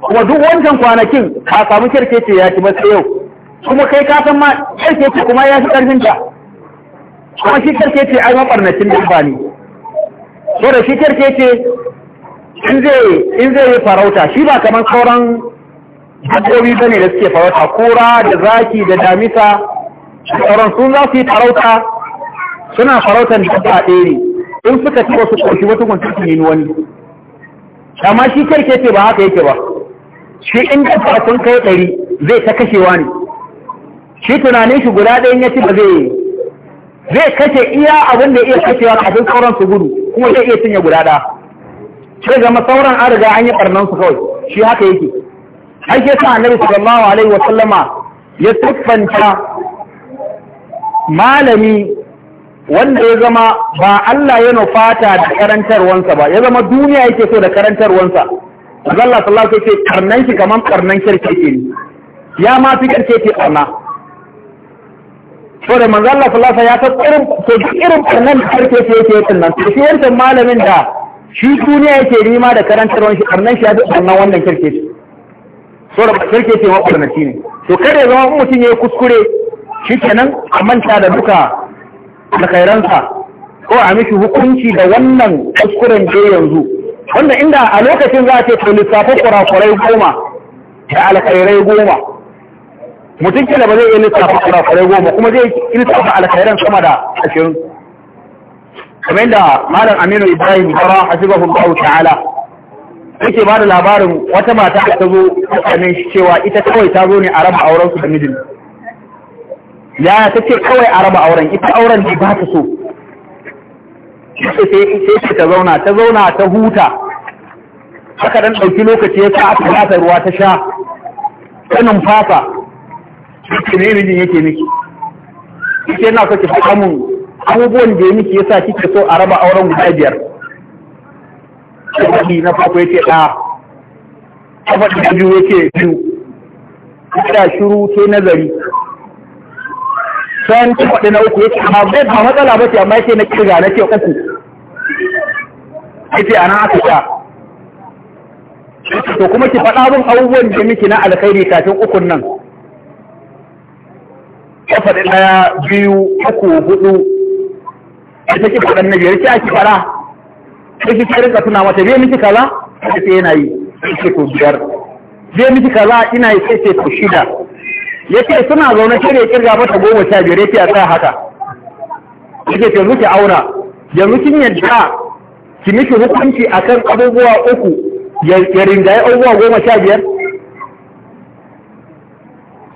kuma duk wancan kwanakin ka samu kirkece ya ci ba sai yau kuma kai ka san ma kirkece kuma ya fi karfin ta kuma shi karke ce ai mabarnacin ba ne so da shi karke ce in zai yi farauta shi ba kamar sauran dabbobi ba ne da suke farauta kura da zaki da damisa sauran sun za su yi farauta suna farautar dabba ɗaya ne in suka ci wasu ƙarfi wata kwanci su yi wani amma shi karke ce ba haka yake ba shi in dabba sun kai ɗari zai ta kashewa ne shi tunanin shi guda ɗayan ya ci ba zai yi. zai kace iya abin da iya kacewa kafin sauran su gudu kuma zai iya cinye guda ɗaya sai zama sauran an riga an yi ɓarnan su kawai shi haka yake har ke sa annabi sallallahu alaihi wa sallama ya tuffanta malami wanda ya zama ba Allah ya nufata da karantarwansa ba ya zama duniya yake so da karantarwansa Zalla sallallahu alaihi wa sallam karnan shi kaman ya ma fi ke ƙarna. to da manzo Allah sallallahu ya ta irin to duk irin karnan karfe yake yin nan shi yantan malamin da shi duniya yake rima da karantarwar shi karnan shi ya duk karnan wannan kirke shi. to da kirke ce wa shi ne to kada ya zama mutum ya kuskure shi kenan a manta da duka da kairansa ko a mishi hukunci da wannan kuskuren da yanzu wanda inda a lokacin za a ce to lissafi kurakurai goma da alkhairai goma mutum kila ba zai iya lissafa kurakurai goma kuma zai lissafa alkhairan sama da ashirin kamar yadda malam aminu ibrahim bara hasibahullahu ta'ala yake ba da labarin wata mata ta zo tsakanin shi cewa ita kawai ta zo ne a raba auren su da mijin ya ta ce kawai a raba auren ita auren ne ba ta so sai ta zauna ta zauna ta huta haka dan ɗauki lokaci ya sa aka ruwa ta sha ta numfasa kike ne mijin yake miki kike na so ki faɗa mun abubuwan da ya miki yasa kike so a raba auren guda biyar shi na farko yake da kafa da biyu yake biyu ina shiru ke nazari san ki faɗi na uku yake amma bai ba matsala ba ce amma yake na kirga na ke uku yake ana aka ta to kuma ki faɗa mun abubuwan da miki na alkhairi kafin ukun nan ya ɗaya biyu uku hudu ita ki faɗan na biyar ki ake fara. sai ki ki rinka tuna mata biye miki kaza sai ce yana yi sai ko biyar biye miki kaza ina yi sai ce ko shida ce suna zaune shirya kirga mata goma sha biyar ce a tsaya haka yake yanzu ki Ya yanzu kin yadda ki miki hukunci akan abubuwa uku ya rinjaye abubuwa goma sha biyar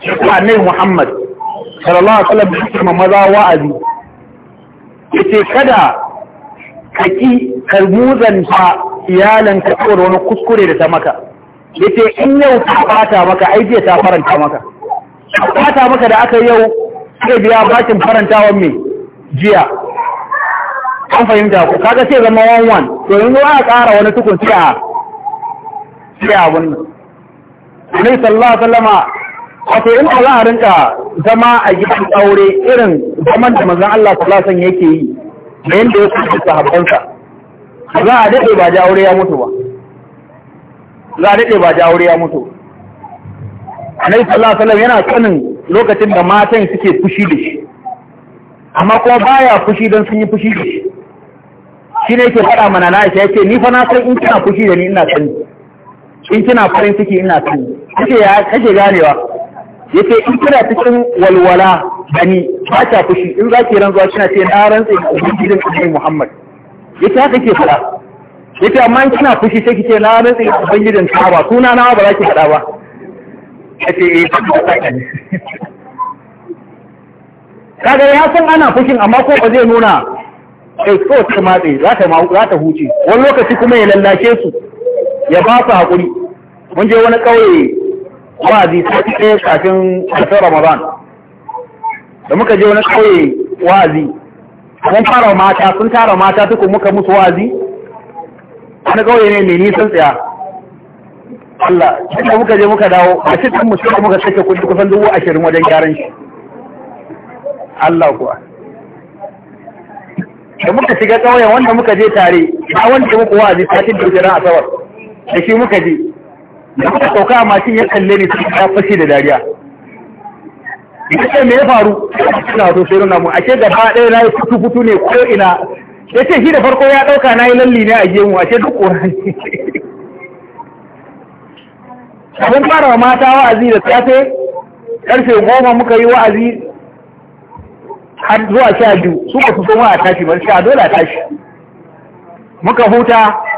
shi kuma Muhammad sallallahu alaihi wasallam yake ma maza wa'azi yace kada ka ki kalmuzanta iyalanka saboda wani kuskure da ta maka yace in yau ta bata maka ai jiya ta faranta maka ta bata maka da aka yau sai biya bakin farantawan me jiya an fahimta ku kaga sai zama wan wan to in zo aka kara wani tukun sai a sai a wannan Annabi sallallahu alaihi wasallama wato in Allah a rinka zama a gidan aure irin zaman da manzon Allah sallallahu yake yi da yanda ya kusa sahabbansa za a dade ba ja aure ya mutu ba za a dade ba ja aure ya mutu Annabi sallallahu alaihi yana sanin lokacin da matan suke fushi da shi amma kuma baya fushi don sun yi fushi da shi shi ne yake faɗa mana na Aisha yake ni fa na san in kina fushi da ni ina sani in kina farin ciki ina sani kake ya kake ganewa yace in kina cikin walwala gani ba ta fushi in za ki ranzuwa kina ce na rantsa da ubangijin annabi Muhammad yace haka ke fada yace amma in kina fushi sai kice na rantsa da ubangijin sahaba suna na ba za ki fada ba yace eh kaga ya san ana fushin amma ko ba zai nuna kai eh, ko ta matse za ta za ta huce wani lokaci kuma ya lallashe su ya ba su hakuri mun je wani kauye wa'azi ta ɗaya kafin ƙarfin ramadan da muka je wani ƙauye wa'azi mun fara mata sun tara mata tuku muka musu wa'azi wani ƙauye ne mai nisan tsaya Allah cikin muka je muka dawo a cikin musulun muka sake kudi kusan dubu ashirin wajen gyaran shi Allah kuwa da muka shiga ƙauyen wanda muka je tare ya wanda muku wa'azi satin da a asabar da shi muka je da kuma sauka a mashin ya kalle ne sun ya fashe da dariya yace me ya faru ina zo sai nuna mu ashe gaba ɗaya na yi futu futu ne ko ina Ya ce shi da farko ya ɗauka na yi lalli ne a gemu ashe duk ƙoran abin fara mata wa'azi da safe karfe goma muka yi wa'azi har zuwa sha biyu su ba su so ma a tashi ba sha dole a tashi muka huta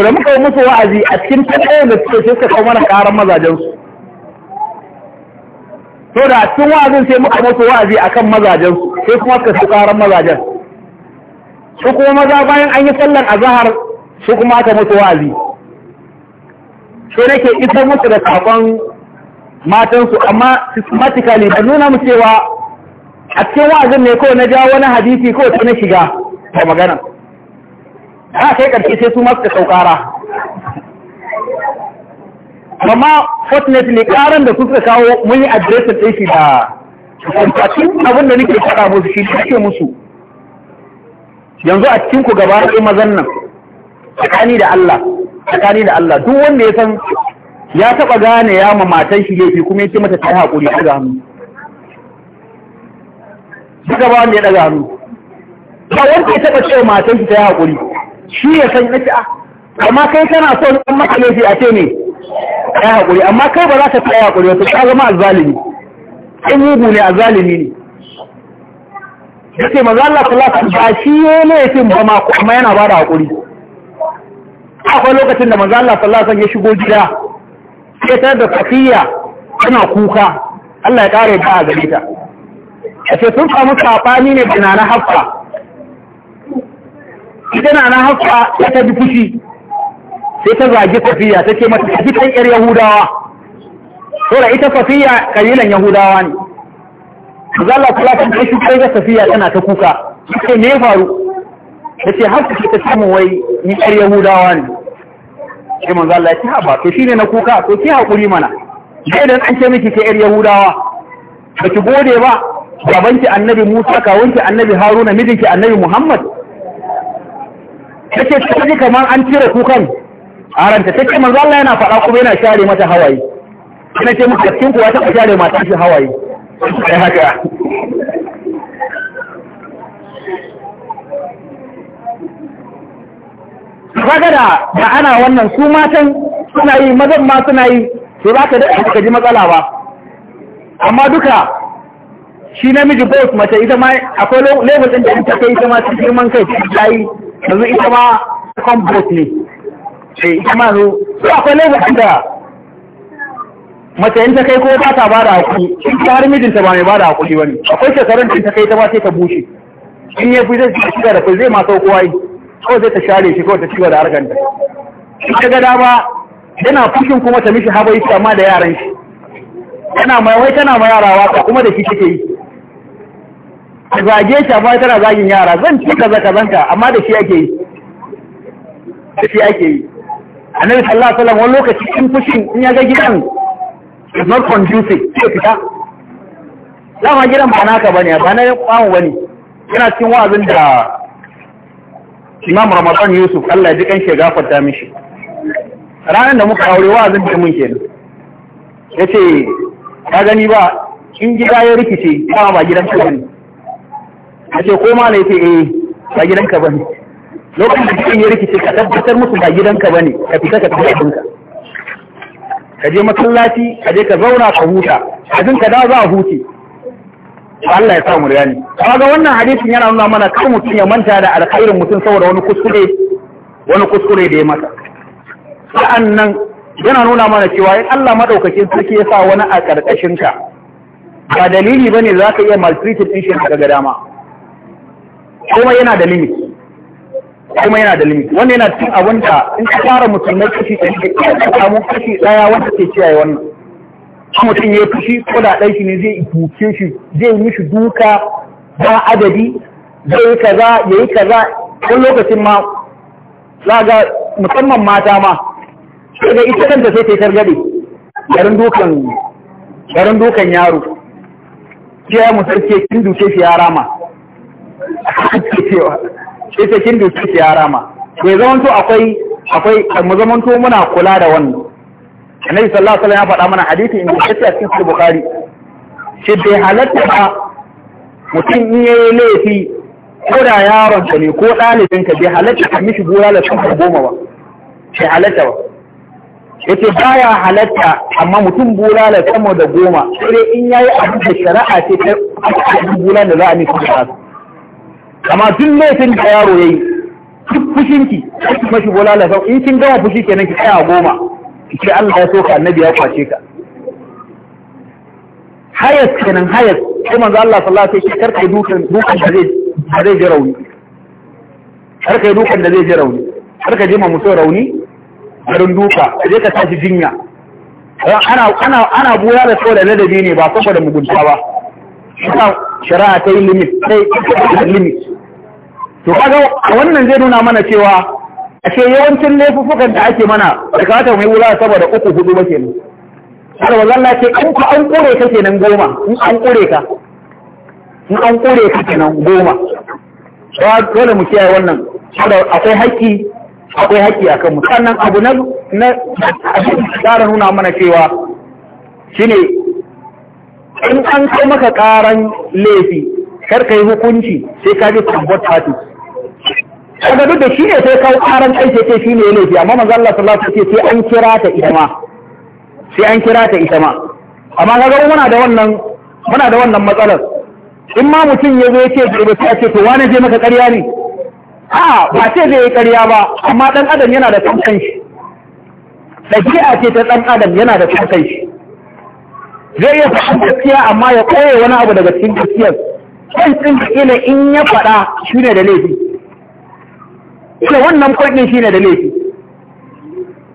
da muka yi musu wa'azi a cikin tattalin da suke suka kawo mana karan mazajensu to da cikin wa'azin sai muka musu wa'azi a kan mazajensu sai kuma suka su karan mazajen su kuma maza bayan an yi a azahar su kuma aka musu wa'azi sai nake isa musu da sakon matansu amma systematically da nuna mu cewa a cikin wa'azin ne kawai na ja wani hadisi kawai na shiga ta magana aka yi ƙarshe sai su masu saukara amma ne. ƙaran da suka kawo mun yi adresin ɗin shi da kwamfatin abin da nake faɗa musu shi da ake musu yanzu a cikin ku gaba ɗaya mazan nan tsakani da Allah tsakani da Allah duk wanda ya san ya taɓa gane ya ma matan shi laifi kuma ya ce mata ta yi haƙuri a ga hannu duk ba wanda ya ɗaga hannu ba wanda ya taɓa cewa matan shi ta yi haƙuri shi ya san nace a ah, amma kai kana so in maka laifi a ce ne kai hakuri amma kai ba za ka tsaya hakuri wato ka zama azzalimi kai mugu ne azzalimi ne yace manzo Allah sallallahu alaihi wasallam ba shi ya laifin ba ma kuma yana bada hakuri akwai lokacin da manzo Allah sallallahu alaihi wasallam ya shigo gida sai tare da safiya tana kuka Allah ya kare ta a gare ta a ce sun samu sabani ne bana na haffa ita na na ta ta bi fushi sai ta zagi safiya ta ce mata tafi kan yar yahudawa saboda ita safiya kalilan yahudawa ne zalla talatin da shi kai ga safiya tana ta kuka sai me faru tace hafsa ce ta samu wai ni yar yahudawa ne sai manzo Allah ya ce ba to shine na kuka to ki hakuri mana sai dan an ce miki ke yar yahudawa baki gode ba babanki annabi Musa kawunki annabi Haruna mijinki annabi Muhammad take ta ji kamar an cire kukan a ranta take manzo Allah yana faɗa kuma yana share mata hawaye ina ce muka cikin kuwa ta share mata shi hawaye sai haka kaga da da ana wannan su matan suna yi mazan ma suna yi to za ka daɗa ka ji matsala ba amma duka shi namiji boss mace ita ma akwai level ɗin da ita kai ita ma cikin man kai ta yi yanzu ita ma second ne eh ita ma zo su akwai laifin da mace in ta kai ko ba ta bada hakuri in ta har mijinta ba mai bada hakuri ne. akwai shekarun da ta kai ta ba sai ta bushe in ya fi zai shiga da kai zai ma sauko yi kawai zai ta share shi kawai ta shiga da harkanta in ta ga dama yana fushin kuma ta mishi habai amma da yaran shi yana mai wai tana mai yara waka kuma da shi take yi a zage shi amma tana zagin yara zan ci kaza kazanka amma da shi ake yi da shi ake yi annabi sallallahu alaihi wasallam wani lokaci in fushin in ya ga gidan is not conducive sai fita ma gidan ba naka bane ba na kwamu bane yana cikin wa'azin da Imam Ramadan Yusuf Allah ya ji kan shi gafarta mishi ranar da muka aure wa'azin da mun kenan yace ka gani ba in gida ya rikice ba ba gidan ka bane a ce ko ma na eh ba gidanka ba ne lokacin da cikin ya rikice ka tabbatar musu ba gidanka ba ne ka fita ka tafi abinka ka je masallaci ka je ka zauna ka huta abin ka da za a huce Allah ya sa mu gani kaga wannan hadisin yana nuna mana kar mutum ya manta da alkhairin mutum saboda wani kuskure wani kuskure da ya mata sa'annan yana nuna mana cewa in Allah madaukakin sarki ya sa wani a karkashin ka ba dalili bane za ka iya maltreated din shi daga dama kuma yana da limit kuma yana da limit wannan yana cin abin da in ka fara na kashi da da ka samu kashi daya wanda ke kiyaye wannan shi mutum ya fushi ko da ɗan shi ne zai duke shi zai yi mishi duka ba adadi zai yi kaza ya yi kaza wani lokacin ma za ga musamman mata ma sai ga ita kanta sai ta yi targaɗe garin dukan garin dukan yaro kiyaye ke kin duke shi ya rama cewa ita kin duke ki harama to ya zamanto akwai akwai mu zamanto muna kula da wannan annabi sallallahu alaihi wasallam ya faɗa mana hadisi in da a cikin sahih bukhari shi bai halatta ba mutum in yayi laifi ko da yaron ka ne ko dalibin ka bai halatta ka mishi goya da sun goma ba shi halatta ba yace baya halatta amma mutum la sama da goma sai in yayi abin da shari'a ce ta abin da za a mishi da amma duk laifin da yaro ya yi duk fushinki ki mashi bola sau in kin gama fushi kenan ki tsaya goma ki Allah ya soka annabi ya kwace ka hayas kenan hayas ko manzo Allah sallallahu alaihi wasallam karkai dukan dukan da zai zai ji rauni karkai dukan da zai ji rauni karka je ma rauni garin duka sai ka tashi jinya ana ana ana buya da ladabi ne ba saboda mugunta ba shari'a ta yi limit sai limit to kaga a wannan zai nuna mana cewa ashe yawancin laifuffukan da ake mana da kawata mai wula saboda uku hudu ba kenan har wa zalla ce in ka an kore ka kenan goma in an kore ka in an kore ka kenan goma to dole mu kiyaye wannan saboda akwai haƙƙi akwai haƙƙi akan mu sannan abu na na tsara nuna mana cewa shine in an kai maka ƙaran laifi kar ka yi hukunci sai ka bi tabbata kaga duk da shi ne sai kawo karan kai ce shi ne laifi amma manzo Allah sallallahu alaihi wasallam sai an kira ta ita ma sai an kira ta ita ma amma kaga muna da wannan muna da wannan matsalar in ma mutum ya zo ya ce girbe sai a ce to wani je maka ƙarya ne a ba ce zai yi ƙarya ba amma dan adam yana da tantan shi ɗabi'a ce ta ɗan adam yana da tantan shi zai iya faɗa gaskiya amma ya koye wani abu daga cikin gaskiyar kan tsin kila in ya faɗa shi ne da laifi ce wannan kwaɗin shi ne da laifi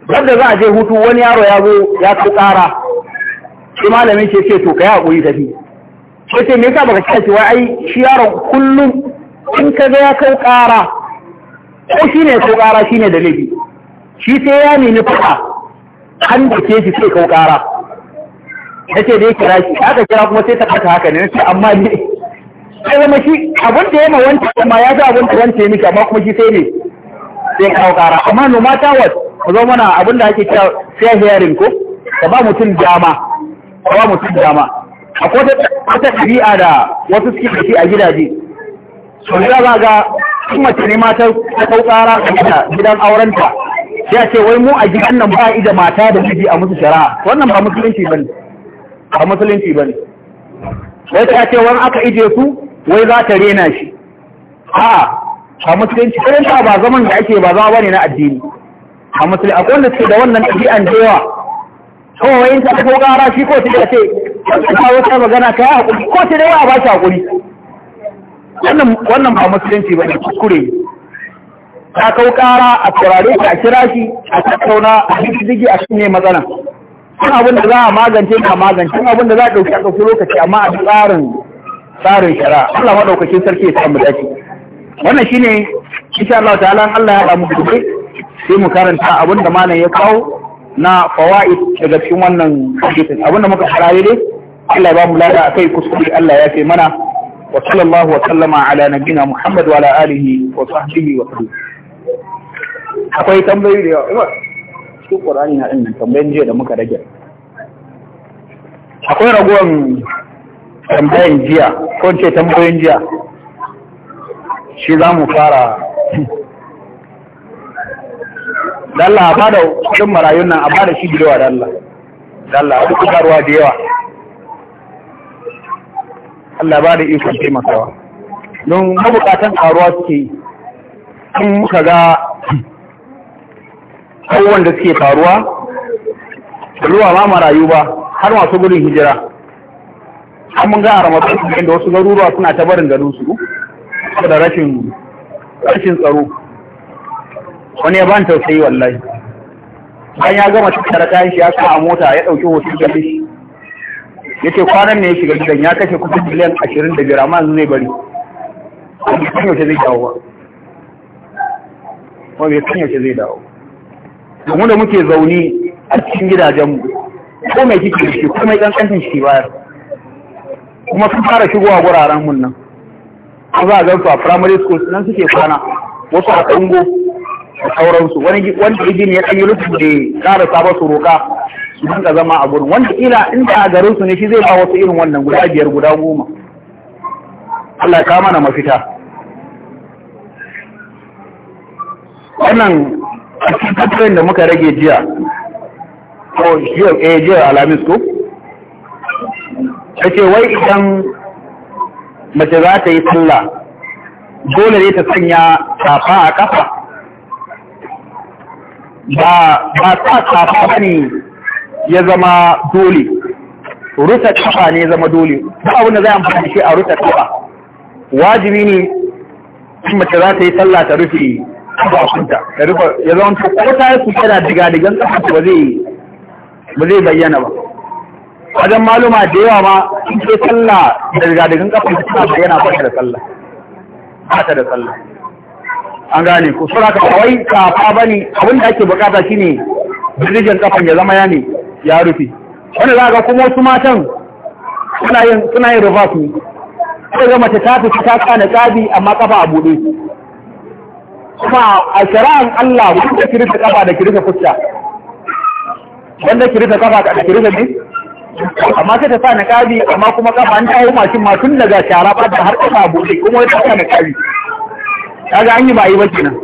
wadda za a je hutu wani yaro ya zo ya ci tsara shi malamin ce ce to ka yi haƙuri tafi ce ce me ka baka kira cewa ai shi yaron kullum in ka ga ya kau ƙara ko shi ne kau ƙara shi ne da laifi shi sai ya nemi faɗa an da ke shi sai kau ƙara ya ce dai kira shi aka kira kuma sai ta ɓata haka ne ce amma ne sai zama shi abin da ya ma wancan ma ya ji abin da wancan ya miki amma kuma shi sai ne sai kawo kara amma no matter what ku zo mana abinda ake cewa fair hearing ko ka ba mutum dama ka ba mutum dama akwai wata ɗabi'a da wasu suke da shi a gidaje so ya ba ga in mace ne ma ta kawo kara a gidan aurenta sai a ce wai mu a gidan nan ba ida mata da miji a musu shari'a wannan ba musulunci bane ba musulunci bane wai ta ce wani aka ije su wai za ta rena shi a'a a musulunci karanta ba zaman da ake ba a bane na addini a musulunci akwai wanda suke da wannan ɗabi'an da yawa kawai wayin ko gara shi ko ta ce ta wata magana yi haƙuri, ko ta dai ba shi haƙuri. wannan ba musulunci ne kuskure ta kau kara a turare ta kira shi a tattauna a jijjigi a shi ne matsala sun abin da za a magance ka magance abin da za a ɗauki a ɗauki lokaci amma a tsarin tsarin shari'a Allah maɗaukakin sarki ya samu dace wannan shine insha Allah ta'ala Allah ya damu gobe sai mu karanta abin da malam ya kawo na fawaid daga cikin wannan hadisin abin da muka fara dai Allah ya ba mu lada akai kuskure Allah ya fi mana wa sallallahu wa sallama ala nabina Muhammad wa ala alihi wa sahbihi wa sallam akwai tambayoyi da yawa cikin Qur'ani na din tambayan jiya da muka rage akwai ragowar tambayan jiya ko ce tambayoyin jiya shi za mu fara dalla a bada cikin marayun nan a bada shi bilowa dalla dalla a duk karuwa da yawa Allah ba da ikon taimakawa don mabukatan karuwa suke kan muka ga kowon da suke faruwa ruwa ma marayu ba har masu gudun hijira an mun ga a ramadan da wasu garuruwa suna ta barin su saboda rashin rashin tsaro wani ya ban tausayi wallahi bayan ya gama cikin kayan shi ya sa a mota ya ɗauki hoton gari shi ya ce kwanan ne ya shiga gidan ya kashe kusan miliyan ashirin da biyar amma yanzu zai bari wani kan yaushe zai dawo ba wani kan zai dawo domin da muke zaune a cikin gidajenmu ko mai kike shi ko mai kankancin shi bayar kuma sun fara shigowa guraren mun nan an za a gan su a primary school nan suke kwana wasu a kango da sauransu wani wanda idin ya ɗanyi rufin da ƙara saba su roƙa su dinga zama a gurin wanda ila inda a garin su ne shi zai ba wasu irin wannan guda biyar guda goma Allah ka mana mafita wannan a cikin tattalin da muka rage jiya ko jiya eh, alamis ko ta ce wai idan mace za ta yi sallah dole ne ta sanya safa a kafa ba ba sa safa bane ya zama dole rusa kafa ne ya zama dole ba abin da za a amfani shi a rusa kafa wajibi ne mace za ta yi sallah ta rufe kafafunta ta rufe ya zama ko ta yi su tana diga digan kafa ba zai bayyana ba wajen maluma da yawa ma in ce sallah da rigadigin kafin suna bayyana kwata da sallah kwata ta da sallah an gane ku sura ka kawai kafa ba ne abinda ake bukata shi ne jirgin kafin ya zama ya ne ya rufe Wani za ga kuma wasu matan suna yin suna yin reverse ne ga mace ta fi ta kana tsabi amma kafa a buɗe kuma a shari'an Allah wanda kirista kafa da kirista fuska wanda kirista kafa da kirista ne amma sai ta sa na kabi amma kuma kafa an kawo mashin ma tun daga shara ba da har kasa bude kuma ya sa na kabi kaga an yi ba yi ba kenan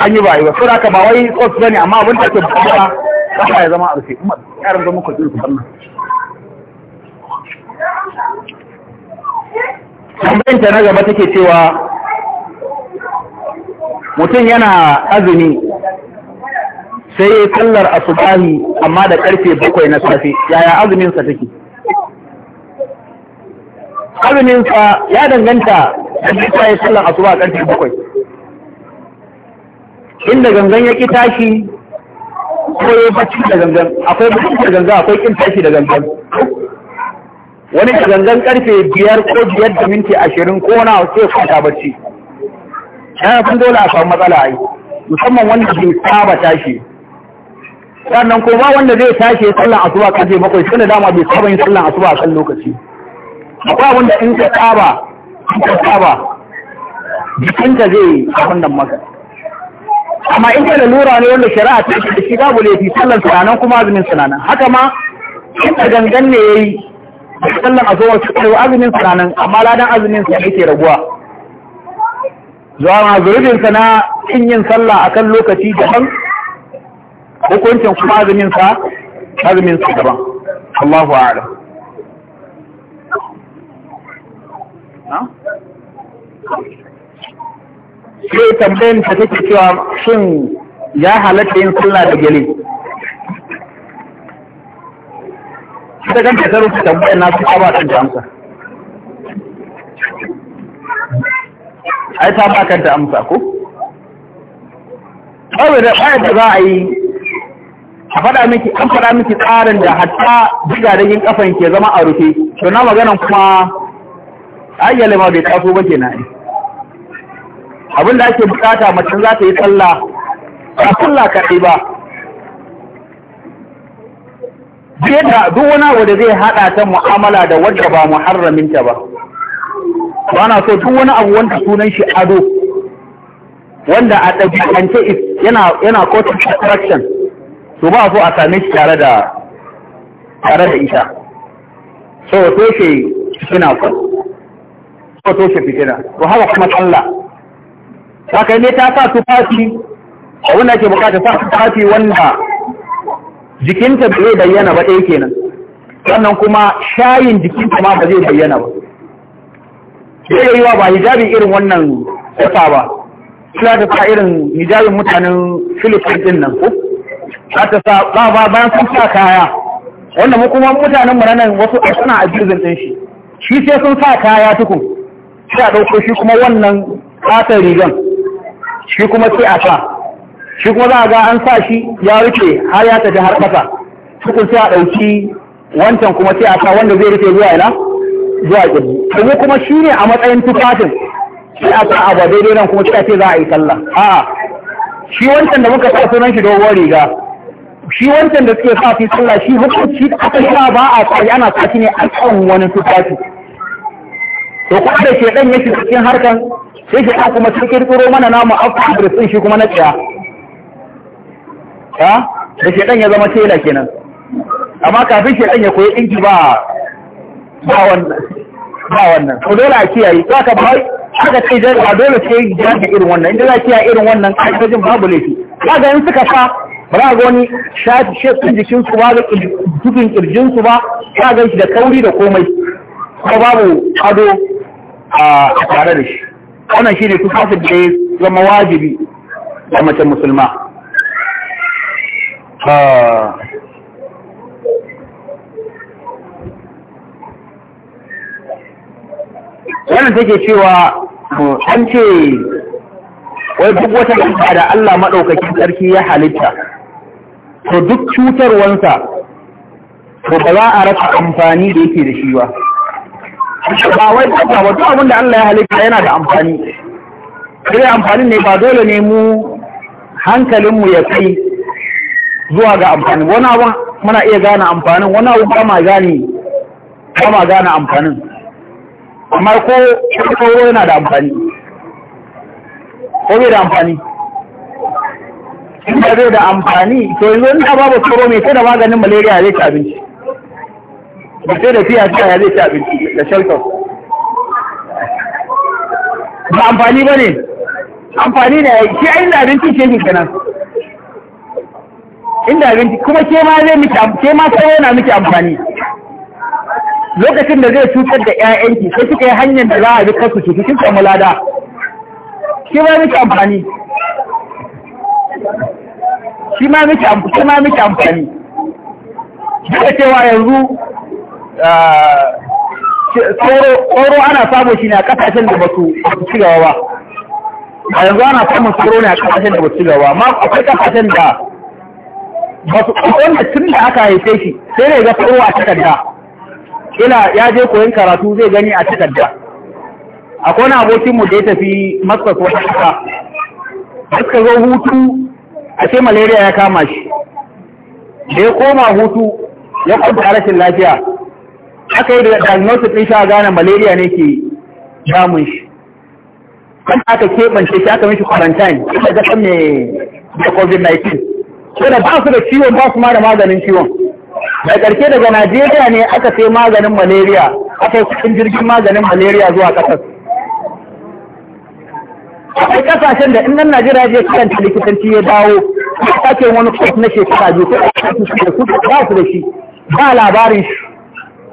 an yi ba yi ba sai ka ba wai tsotsi ne amma abin da ke bukata kafa ya zama a rufe kuma yaran zama ku tsiri sannan tambayin ta na gaba take cewa mutum yana azumi sai ya sallar asubahi amma da karfe bakwai na safe yaya azumin sa take azumin ya danganta da ya yi sallar asuba a karfe bakwai inda gangan ya ki tashi ko ya bacci da gangan akwai bacci da gangan akwai kin tashi da gangan wani da gangan karfe biyar ko biyar da minti ashirin ko na sai kwanta bacci ya kun dole a samu matsala a yi musamman wanda bai saba tashi sannan ko ba wanda zai tashi ya sallan asuba makwai, bakwai tunda dama bai saba yin sallan asuba a kan lokaci akwai wanda in ka saba in ka saba jikinka zai abin nan maka amma in ka lura ne wanda shari'a ta ce da shi babu laifi sallan sananan kuma azumin sananan haka ma in ka gangan ne yayi sallan asuba ta kai azumin sananan amma ladan azumin sa yake raguwa zuwa ma zurubin na in yin sallah akan lokaci daban hukuncin kuma azumin sa azumin sa daban Allahu a'lam sai tambayin ta take cewa shin ya halatta yin sallah da gele ita kan ta rubuta tambayar na su ba ta amsa ai ta ba kanta amsa ko kawai da ba za a yi a faɗa miki an faɗa miki tsarin da hatta jigadagin kafan ke zama a rufe to na maganan kuma ayyale ma bai taso ba kenan abin da ake bukata mutum za ta yi sallah ba sallah kaɗai ba da duk wani abu da zai haɗa ta mu'amala da wadda ba muharraminta ba ba na so duk wani abu wanda sunan shi ado wanda a ɗabi'ance yana yana cause attraction to ba so a same shi tare da tare da ita so toshe ko so to toshe fitina to haka kuma Talla. saka ne ta sa tufafi a wanda ke bukata sa tufafi wanda jikinta ba zai bayyana ba ɗaya kenan sannan kuma shayin jikinta ma ba zai bayyana ba sai yayi wa ba hijabi irin wannan kusa ba da ta sa irin hijabin mutanen filifin ɗin nan ko za ta sa ba bayan sun sa kaya wanda mu kuma mutanen mu nan wasu suna jirgin din shi shi sai sun sa kaya tukun sai a dauko shi kuma wannan katar rigan shi kuma sai a sa shi kuma za a ga an sa shi ya rike har ya tafi har kasa tukun sai a dauki wancan kuma sai a sa wanda zai rufe zuwa ina zuwa kirji kuma kuma shi ne a matsayin tufafin sai a sa abu daidai nan kuma sai a ce za a yi sallah a'a shi wancan da muka sa sunan shi dogon riga shi wancan da suke sa sallah shi hukunci da aka sha ba a sa ana sa shi ne a kan wani tufafi to kuma da shedan ya shiga cikin harkan sai shedan kuma sun kirkiro mana namu after din shi kuma na tsaya ha da shedan ya zama tela kenan amma kafin shedan ya koyi dinki ba ba wannan ba wannan to dole a kiyaye to aka ba aka ce dole sai ya ga irin wannan inda za kiyaye irin wannan kafin babu laifi kaga in suka fa. ba ga wani shafi shekin jikinsu ba da jikin kirjinsu ba ya gan shi da kauri da komai kuma babu ado a tare da shi wannan shi ne tufafin da ya zama wajibi ga mace musulma ah. wannan take cewa an ce wai duk wata da Allah maɗaukakin sarki ya halitta to duk cutarwansa to ba za a rasa amfani da yake da shi ba ba wai ba wato abin da Allah ya halitta yana da amfani sai amfanin ne ba dole ne mu hankalinmu ya kai zuwa ga amfanin wani abin muna iya gane amfanin wani abin ba gane kama gane amfanin amma ko sauro yana da amfani ko bai da amfani inda zai da amfani to yanzu in da babu tsoro mai sai da maganin malaria zai ci abinci ba sai da fiya fiya zai ci abinci da shelter ba amfani ba ne amfani ne shi a inda abinci ke yi kenan inda abinci kuma ke ma zai miki ke ma sai na miki amfani lokacin da zai cutar da ƴaƴanki sai kika yi hanyar da za a bi kasu cutu kin samu lada ke ba miki amfani shi ma miki amfani ma miki amfani cewa yanzu tsoro ah, ana samun shi ne a kasashen da basu ci gaba ba a yanzu ana samun tsoro ne a kasashen da basu ci gaba ma akwai kasashen da basu wanda tun da aka haife shi sai ne ga tsoro a takarda ila ya je koyon karatu zai gani a takarda akwai wani abokinmu da ya tafi maskas wata kasa suka zo hutu a ce malaria ya kama shi da ya koma hutu ya kwanta rashin lafiya aka yi da diagnosis ɗin sha gane malaria ne ke damun shi kan aka keɓance shi aka mishi quarantine aka ga me da covid-19 ko da ba su da ciwon ba su ma da maganin ciwon da ƙarshe daga najeriya ne aka sai maganin malaria aka yi kuɗin jirgin maganin malaria zuwa ƙasar akwai kasashen da in nan Najeriya je karanta likitanci ya dawo sake wani kwas na shekara biyu ko da su ba su da shi ba labarin shi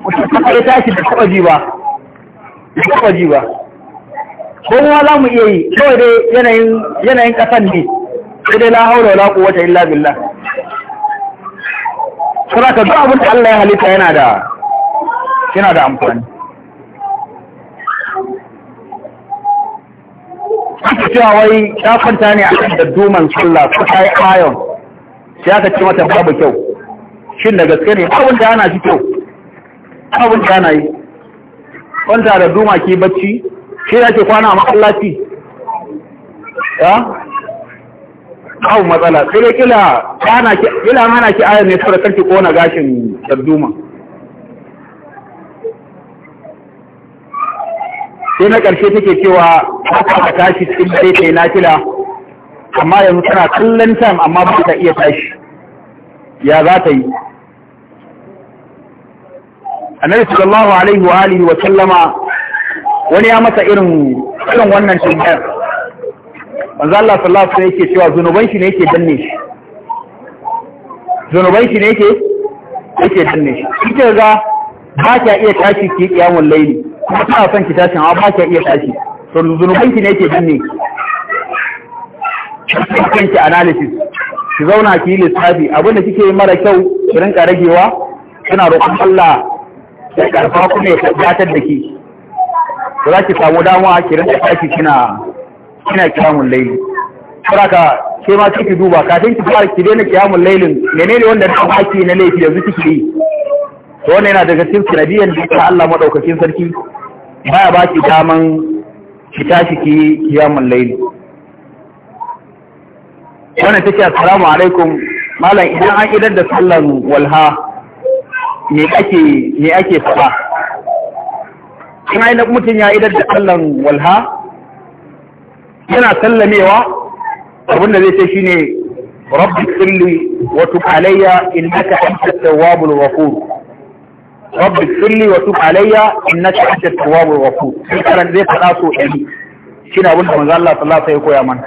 mutum kuma ya tashi da taba ba da taba ji ba kuma za mu iya yi kawai dai yanayin yanayin kasan ne sai dai la haura wala quwwata illa billah kuma ka duk abin da Allah ya halitta yana da yana da amfani aka cewa wai ta kwanta ne a kan dadduman sallah ko ta yi ayon sai aka ce mata babu kyau shin da gaske ne abin da ana ji kyau abin da ana yi kwanta da duma ke bacci shi ya ke kwana a ci ya abu matsala sai dai kila ana ki ayon ne saboda karki kona gashin dadduma sai na ƙarshe take cewa haka ka tashi cikin dare ta yi nafila amma yanzu tana kallon tam amma ba ta iya tashi ya za ta yi annabi sallallahu alaihi wa alihi wa sallama wani ya masa irin irin wannan tambayar manzo Allah sallallahu alaihi yake cewa zunuban shi ne yake danne shi zunuban shi ne yake yake danne shi kike ga ba ta iya tashi ki kiyamul laili kuma tana son ki tashi amma ba ki iya tashi to zunuban ki ne ke binne kan ki analysis ki zauna ki yi lissafi abin da kike yi mara kyau ki rinka ragewa kina roƙon Allah ya karfa kuma ya tabbatar da ki to za ki samu dama ki rinka tashi kina kina kiyamun laili saboda ke ma kike duba kafin ki fara ki daina kiyamun lailin menene wanda da baki na laifi yanzu kike yi to wannan yana daga cikin sanadiyar da ta Allah madaukakin sarki Ba ya baki daman ki tashi ki kiyamul layl wannan take assalamu alaikum malam idan an idan da sallan walha me ake me ake faɗa in ai mutum ya idan da sallan walha yana sallamewa abinda zai ce shine rabbi kulli wa tub alayya innaka antat tawwabul ghafur rabbi sulli wa tub alayya innaka antat tawwabur rahim in karan zai fada so ɗari shine abin da manzo Allah sallallahu alaihi wasallam ya koya mana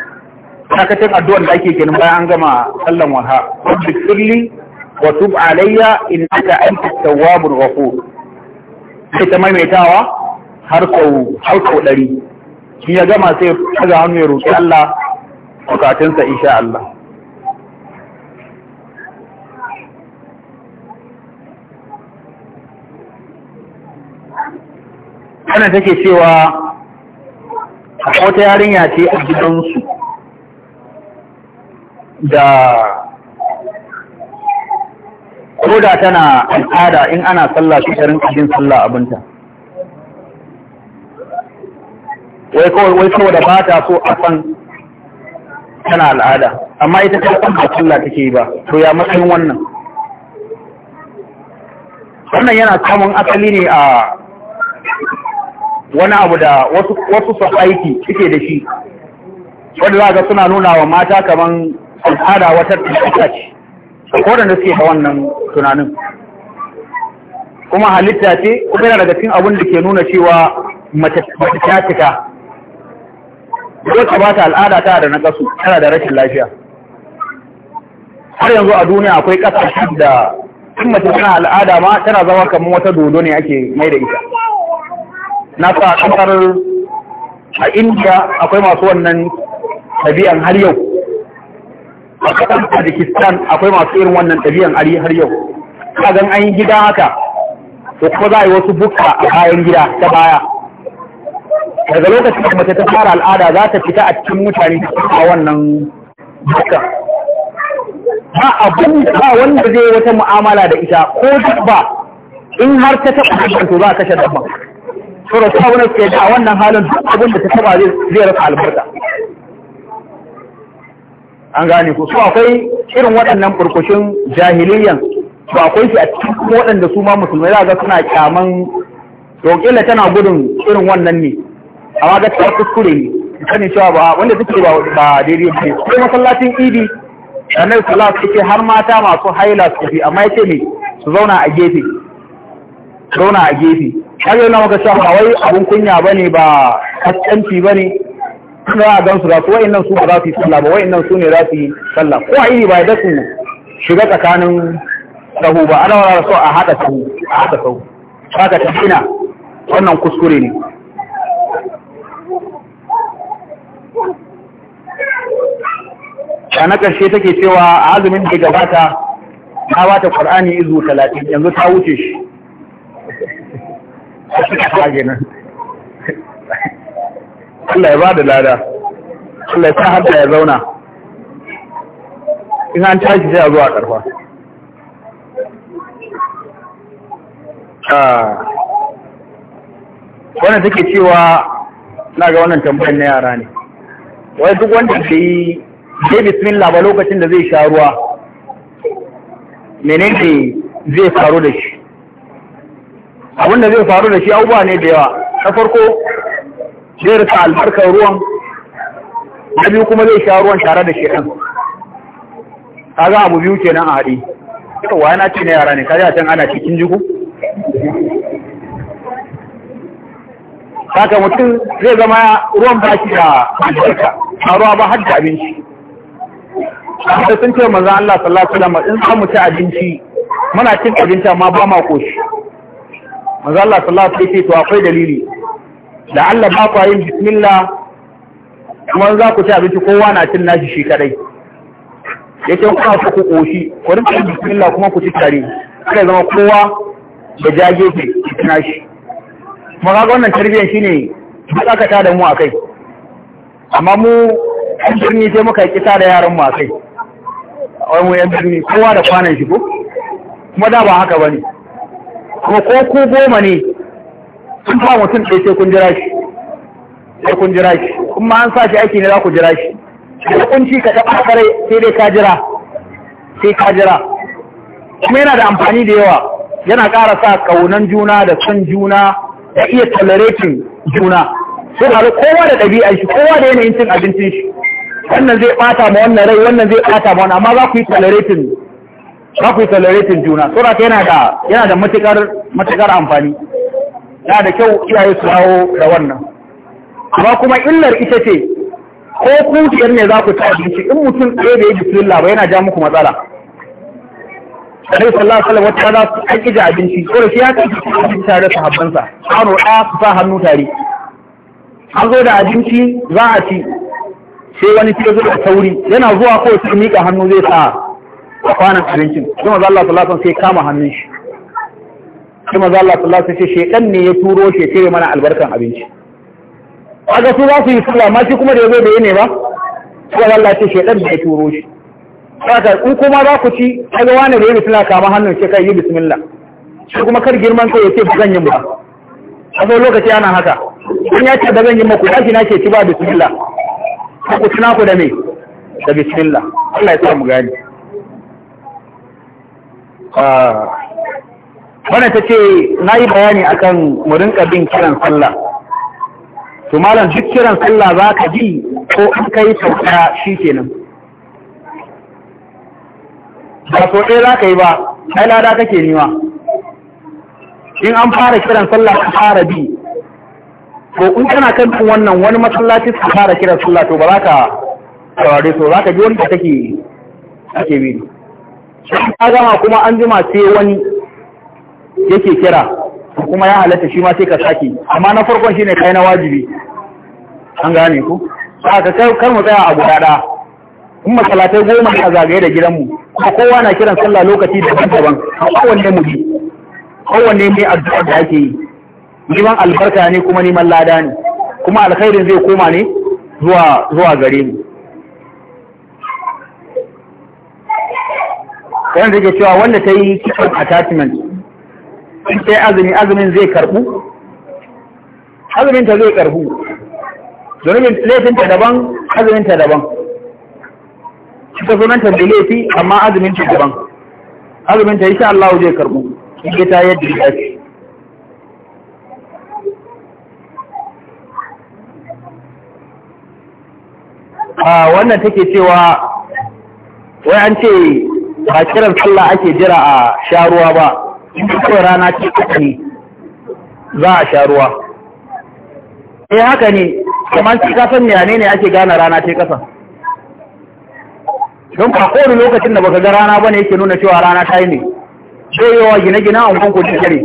sakacin addu'an da ake kenan bayan an gama sallan waha rabbi sulli wa tub alayya innaka antat tawwabur rahim sai ta tawa har sau har sau ɗari shi ya gama sai ya ga hannu ya roki Allah bukatunsa insha Allah ana take cewa wata yarinya ce a gidansu da koda tana al'ada in ana sallah shi tarin rinka tsalla abinta wai kawai wai saboda ba ta so a san tana al'ada amma ita ta san ba tsalla take ba to ya matsayin wannan wannan yana samun asali ne a wani abu da wasu su aiki suke da shi wanda za ga suna nuna wa mata kaman al'ada wata tsaka ce ko da suke da wannan tunanin kuma halitta ce kuma yana daga cikin abin da ke nuna cewa mace ta cika duk ka bata al'ada ta da kasu tana da rashin lafiya har yanzu a duniya akwai kasashen da in mace tana al'ada ma tana zama kamar wata dodo ne ake mai da ita na sa kasar a India akwai masu wannan ɗabi'an har yau a kasar tajikistan akwai masu irin wannan ɗabi'an har yau gan an yi gida haka to kuma za a yi wasu bukka a bayan gida ta baya daga lokacin da mace ta fara al'ada za ta fita a cikin mutane a wannan bukka ba abin ba wanda zai wata mu'amala da ita ko duk ba in har ta taɓa to za a kashe dabban to da ta wani ke da wannan halin duk abin da ta taba zai rasa albarka an gane ku su akwai irin waɗannan burkushin jahiliyan su akwai shi a cikin waɗanda su ma musulmai za ga suna kyaman roƙila tana gudun irin wannan ne amma ta kuskure ne sanin cewa ba wanda suke ba ba daidai ba. ko masallacin idi annabi sallallahu alaihi har mata masu haila su fi amma ce ne su zauna a gefe zauna a gefe har na maka cewa ba wai kunya ba ne ba kaskanci ba ne suna a gansu su, wa'in nan su ba za su yi sallah ba wa'in nan su ne za su yi sallah ko a iri ba ya dasu shiga tsakanin sahu ba ana wani rasu a haɗa sahu a haɗa sahu saka tafina wannan kuskure ne a na ƙarshe take cewa a azumin da gabata ta bata ƙwar'ani izu talatin yanzu ta wuce shi Allah ya ba da lada Allah ya sa hanta ya zauna in an tashi sai a zuwa karfa ah. wannan take cewa na ga wannan tambayin na yara ne wai duk wanda ke yi sai bismillah ba lokacin da zai sha ruwa menene zai faru da shi abin da zai faru da shi abubuwa ne da yawa na farko zai rika albarkar ruwan na biyu kuma zai sha ruwan tare da shekan ga abu biyu kenan a haɗi yawa yana ci na yara ne ka a can ana cikin jiku saka mutum zai zama ruwan ba shi da albarka a ruwa ba hajji abinci da sun ce manzan Allah sallallahu alaihi wasallam in samu ci abinci muna cin abinci amma ba ma koshi manzo Allah sallallahu alaihi wasallam to akwai dalili da Allah ba ku yin bismillah kuma za ku ci abinci kowa na cin nashi shi kadai yake ku so ku koshi ku rinka yin bismillah kuma ku ci tare kai zama kowa da jage ke cin nashi kuma ga wannan tarbiyyar shine duk aka tada mu akai amma mu kun birni sai muka kisa da yaran mu akai wai mu yan birni kowa da kwanan shi ko kuma da ba haka bane ko ko goma ne sun fa mutum ɗaya sai kun jira shi sai kun jira shi kuma an sa shi aiki ne za ku jira shi da kunci ka taɓa kare sai dai ka jira sai ka jira kuma yana da amfani da yawa yana ƙara sa ƙaunan juna da son juna da iya tolerating juna sai halu kowa da ɗabi'ar shi kowa da yanayin cin abincin shi wannan zai ɓata ma wannan rai wannan zai ɓata ma wannan amma za ku yi tolerating za ku tolerating juna sauraka yana da yana da matukar amfani yana da kyau iyaye su hawo da wannan amma kuma illar ita ce ko kuciyar ne za ku ta abinci in mutum ɗaya da ya bismillah ba yana ja muku matsala sallallahu alaihi wata za su an ija abinci ko da shi ya kai abinci tare da sahabbansa aro ɗaya su sa hannu tare an zo da abinci za a ci sai wani ke zo da sauri yana zuwa ko su miƙa hannu zai sa a kwanan abincin sai maza Allah sallallahu alaihi sai kama hannun shi sai maza Allah sallallahu alaihi sai shekan ne ya turo shi cire mana albarkan abinci kaga su za su yi sallah ma shi kuma da yazo da yene ba sai Allah ce shekan ne ya turo shi saka ku kuma za ku ci kaga wani da yayi suna kama hannun shi kai yi bismillah shi kuma kar girman kai ya ce ba zan yi ba a zo lokaci ana haka in ya ce ba zan yi maku tashi na ke ci ba bismillah ku tuna ku da me da bismillah Allah ya sa mu gani Ah. Wani ta ce na yi bayani akan mu rinka bin kiran sallah to malam duk kiran sallah za ka ji ko an kai sauka shi kenan ba so ɗaya za ka yi ba ai lada kake nima in an fara kiran sallah ka fara bi ko in kana kan wannan wani matsalaci su fara kiran sallah to ba za ka saurare so za ka ji wanda kake take bi an gama kuma an jima sai wani yake kira kuma ya halatta shi ma sai ka sake amma na farkon shine kai na wajibi an gane ku ka kai mu tsaya a guda ɗaya in masalatai goma a zagaye da gidanmu kuma kowa na kiran sallah lokaci daban-daban kowanne mu bi kowanne mai addu'a da yake yi neman albarka ne kuma neman lada ne kuma alkhairin zai koma ne zuwa gare mu wanda take cewa wanda ta yi kitson attachment sai azumi azumin zai karbu azumin ta zai karbu zunubin laifin ta daban azumin ta daban ta sunan ta da laifi amma azumin ta daban azumin ta insha Allah zai karbu in ta yadda ya ce a wannan take cewa wai an ce ba kiran sallah ake jira a sharuwa ba in kawai rana ce ne za a sharuwa eh haka ne kamar ci kasan miyane ne ake gane rana ce kasa don ba kowane lokacin da baka ga rana bane yake nuna cewa rana ta yi ne zai yawa gine-gine a ungon da kare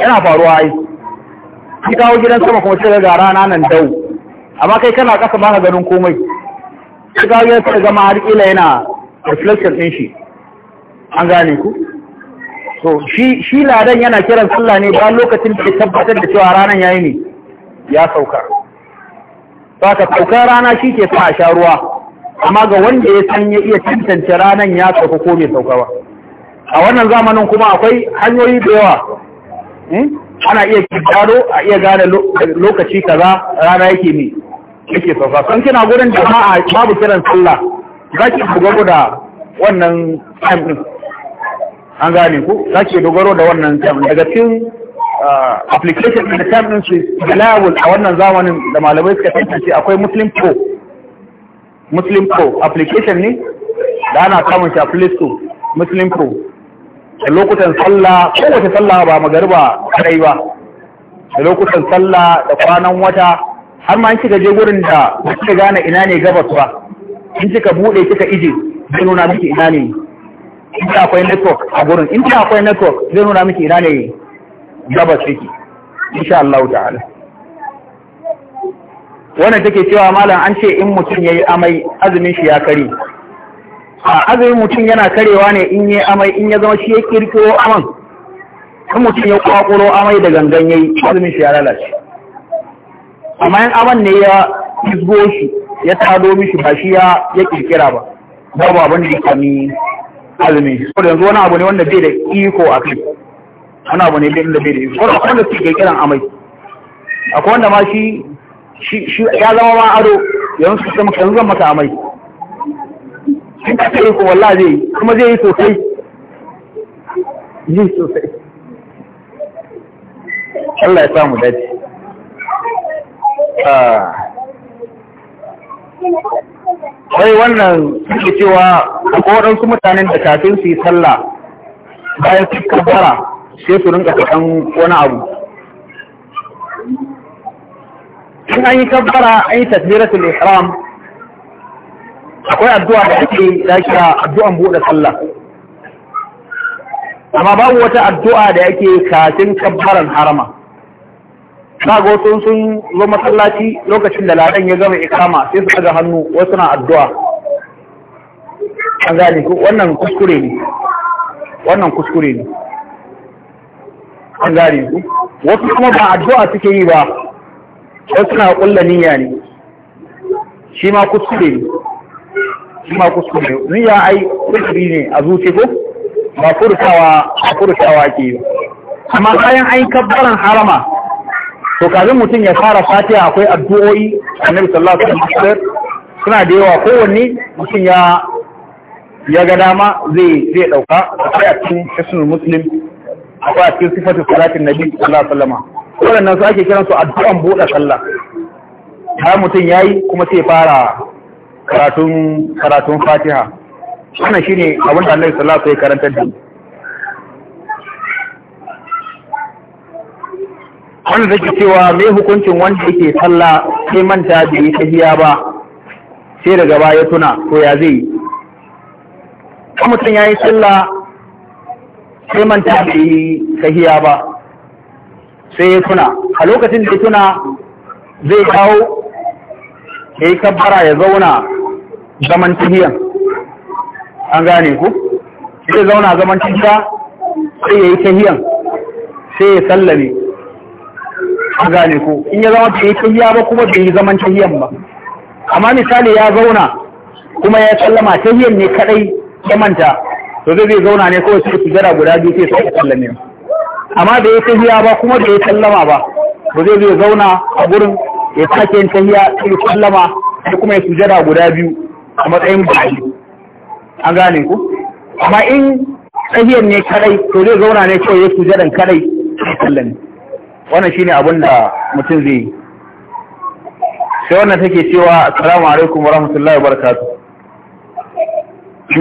yana faruwa ai ki kawo gidan sama kuma sai ga rana nan dau amma kai kana kasa ba ka ganin komai ki kawo gidan sama har kila yana reflection ɗin shi an gane ku so shi ladan yana kiran sallah ne ba lokacin da ke tabbatar da cewa ranar yayi ne ya sauka Ba ka sauka rana shi ke sa a sha ruwa amma ga wanda ya san ya iya tantance ranar ya sauka ko mai sauka ba a wannan zamanin kuma akwai hanyoyi da yawa hmm? ana iya kidaro a iya gane lokaci kaza rana yake ne yake sauka san kina gurin jama'a babu kiran sallah za ki dogaro da wannan time ɗin an gane ku za ki dogaro da wannan time daga cikin ah, application ɗin da time ɗin su reliable a wannan zamanin da malamai suka tantance akwai muslim pro muslim pro application ne da ana samun shi a play store muslim pro da lokutan sallah ko wata sallah ba magariba kadai ba da lokutan sallah da kwanan wata har ma an kika je gurin da ba gane ina ne gabas ba in kika bude kika ije zai nuna miki ina ne in ta akwai network a gurin in ta akwai network zai nuna miki ina ne gaba yake insha Allah ta'ala wannan take cewa malam an ce in mutum yayi amai azumin shi ya kare a azumin mutum yana karewa ne in yayi amai in ya zama shi ya kirkiro aman in mutum ya kwakuro amai da gangan yayi azumin shi ya lalace amma in aman ne ya izgo shi ya tado mishi ba shi ya ya kirkira ba babu abin da ya sami azumi ko yanzu wani abu ne wanda bai da iko a kai wani abu ne da bai da iko ko wanda su ke kiran amai akwai wanda ma shi shi ya zama ma ado yanzu su zama kan zama amai shi ka kai ko wallahi zai kuma zai yi sosai zai sosai Allah ya samu dace ah wai wannan suke cewa ko su mutanen da kafin su yi sallah bayan su kabbara sai su rinka kaɗan wani abu in an yi kabbara an yi tasbiratul ihram akwai addu'a da ake dakira addu'an buɗe sallah amma babu wata addu'a da yake kafin kabbaran harama Na ga wasu sun zo masallaci lokacin da ladan ya gama ikama sai su daga hannu wasu na addu'a an gane ku wannan kuskure ne wannan kuskure ne an gane ku wasu kuma ba addu'a suke yi ba wasu na kulla niyya ne shi ma kuskure ne shi ma kuskure ne niyya ai kuskure ne a zuci ko ba furtawa ba furtawa ke yi amma bayan ai kabbaran harama to kafin mutum ya fara fatiha akwai addu'o'i annabi sallallahu alaihi wasallam suna da yawa kowanne mutum ya ya ga dama zai zai dauka akwai a cikin sunan muslim akwai a cikin sifatu salatin nabi sallallahu alaihi wasallam waɗannan su ake kiransu addu'an buɗe sallah har mutum yayi kuma sai fara karatun karatun fatiha wannan shine abin da Allah sallallahu alaihi wasallam ya karanta da mu wanda zai cewa me hukuncin wanda yake sallah sai manta da yi tahiya ba sai daga baya tuna ko ya zai yi mutum ya yi sallah sai manta da yi tahiya ba sai ya tuna a lokacin da ya tuna zai kawo ya yi kabbara ya zauna zaman tahiyan an gane ku sai zauna zaman tahiya sai ya yi tahiyan sai ya sallame an gane ko in ya zama bai tahiya ba kuma bai yi zaman tahiyan ba amma misali ya zauna kuma ya sallama tahiyan ne kadai ya manta to zai zauna ne kawai sai gara guda biyu sai sai sallame amma da ya tahiya ba kuma da ya sallama ba ba zai zai zauna a gurin ya sake yin tahiya sai sallama sai kuma ya sujada guda biyu a matsayin bayi an gane ku amma in tahiyan ne kadai to zai zauna ne kawai ya sujadan kadai sai sallame wannan shine abin da mutum zai yi sai wannan take cewa assalamu alaikum wa rahmatullahi wa barakatuh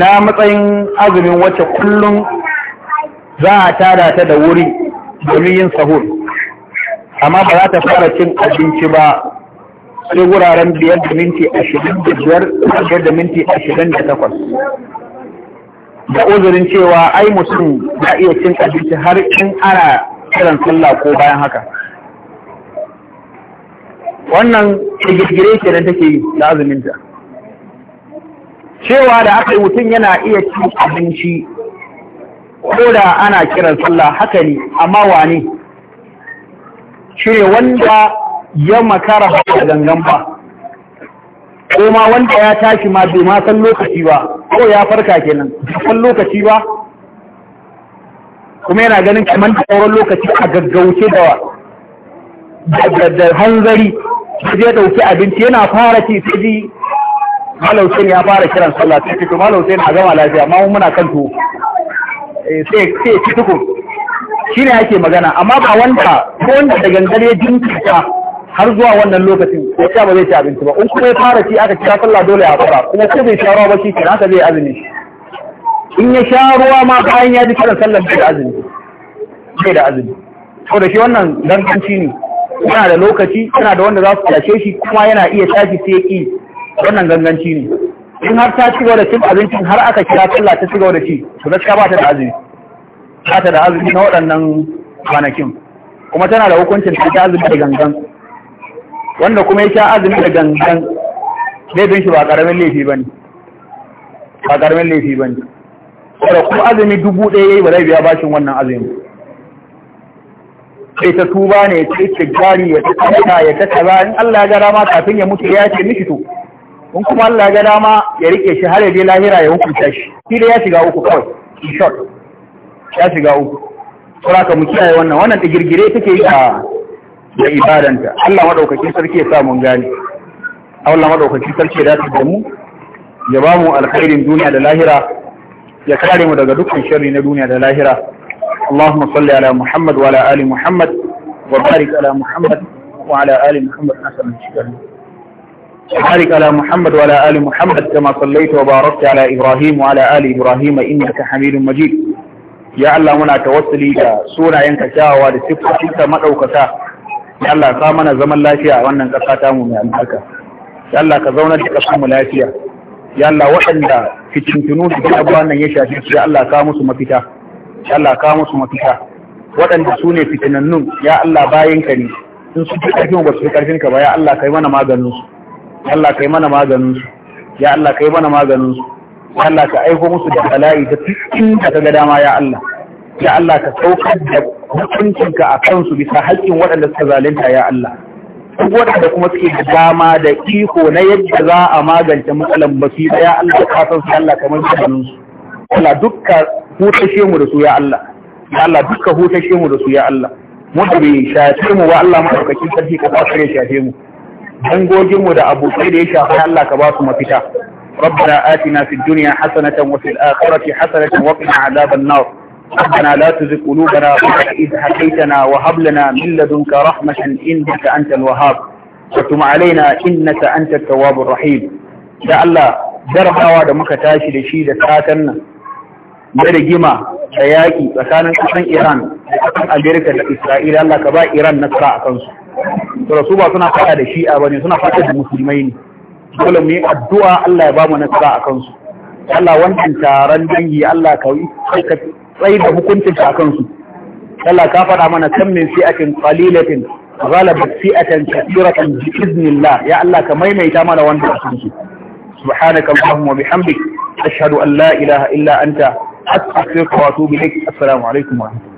na matsayin azumin wacce kullum za a tada ta da wuri domin yin sahur amma ba za ta fara cin abinci ba sai wuraren biyar da minti ashirin da biyar biyar da minti ashirin da takwas da uzurin cewa ai mutum na iya cin abinci har in ana kiran sallah ko bayan haka wannan girgire kenan take yi da cewa da aka yi mutum yana iya ci abinci ko da ana kiran sallah haka ne amma wane Cire wanda ya makara haka gangan ba ko wanda ya tashi ma bai ma san lokaci ba ko ya farka kenan san lokaci ba kuma yana ganin kamar da tsoron lokaci a gaggauce da hanzari su ya dauki abinci yana fara ci su ji malausin ya fara kiran sallah sai fito malausin na gama lafiya amma mun muna kan tuwo eh, sai sai ci Shi ne yake magana amma ba wanda ko wanda da gangar ya jinkirta har zuwa wannan lokacin ko ta ba zai ci abinci ba in kuma ya fara ci aka kira sallah dole ya fara kuma ko bai shawara ba shi kenan ka zai azumi in ya sha ruwa ma bayan ya ji kiran sallar bai da azumi bai da azumi ko da shi wannan ganganci ne yana da lokaci yana da wanda za su tashe shi kuma yana iya tashi sai ki wannan ganganci ne in har ta ci da cin abincin har aka kira sallah ta ci da ci to gaskiya ba ta da azumi ba ta da azumi na waɗannan kwanakin kuma tana da hukuncin ta ta azumi da gangan wanda kuma ya sha azumi da gangan laifin shi ba ƙaramin laifi ba ne ba ƙaramin laifi ba ne da kuma azumi dubu ɗaya yi ba zai biya bashin wannan azumi sai ta tuba ne ta yi gari ya ta kamata ya ta kaza in Allah ya ga dama kafin ya mutu ya ce mishi to in kuma Allah ya ga dama ya rike shi har ya je lahira ya hukunta shi shi da ya shiga uku kawai in short ya shiga uku Kura ka mu kiyaye wannan wannan ta girgire take yi a da ibadanta Allah madaukakin sarki ya sa mun gane Allah madaukakin sarki ya dace da mu ya ba mu alkhairin duniya da lahira ya kare mu daga dukkan sharri na duniya da lahira Allahumma salli ala Muhammad wa ala ali Muhammad wa ala Muhammad wa ala ali Muhammad asalin shigar ala Muhammad wa ala ali Muhammad kama sallaita wa barakta ala Ibrahim wa ala ali Ibrahim innaka Hamidum Majid ya Allah muna tawassuli da sunayen ka kyawawa da sifofin ka madaukaka ya Allah ka mana zaman lafiya wannan kasa ta mu mai albarka ya Allah ka zauna da kasa mu lafiya ya Allah waɗanda fitintunu da abubuwan nan ya shafi su ya Allah ka musu mafita ya Allah ka musu mafita waɗanda su ne fitinannun ya Allah bayan ka ne in su fi ƙarfin ba su fi ƙarfin ka ba ya Allah kai mana maganin su ya Allah kai mana maganin su ya Allah kai mana maganin su ya Allah ka aiko musu da bala'i da cikin da ka ga dama ya Allah ya Allah ka saukar da hukuncinka a kansu bisa haƙƙin waɗanda suka zalunta ya Allah duk waɗanda kuma suke da dama da iko na yadda za a magance matsalan ba su yi ya Allah ka san su Allah kamar mutanen su Allah dukka hutashe mu da su ya Allah ya Allah dukka hutashe mu da su ya Allah mu da bai shafe mu wa Allah madaukakin sarki ka ba kare shafe mu dangogin mu da abokai da ya shafa Allah ka ba su mafita ربنا آتنا في الدنيا حسنة وفي الآخرة حسنة وقنا عذاب النار ربنا لا تزغ قلوبنا بعد إذ هديتنا وهب لنا من لدنك رحمة إنك أنت الوهاب وتم علينا إنك أنت التواب الرحيم يا الله jarabawa da muka tashi da shi da satan nan da rigima da yaƙi tsakanin ƙasan Iran da ƙasan Amerika da Isra'ila Allah ka ba Iran nasara a kansu. Sura su ba suna faɗa da shi ba ne suna faɗa da musulmai ne. Dole mu yi addu'a Allah ya ba mu nasara a kansu. Allah wancan taron dangi Allah ka yi tsayi da hukuncin a kansu Allah ka faɗa mana kan min fi'atin qalilatin ghalabat fi'atan kathiratan bi iznillah ya Allah ka maimaita mana wanda kansu subhanaka allahumma bihamdik ashhadu an la ilaha illa anta astaghfiruka wa atubu ilaik assalamu alaikum wa rahmatullahi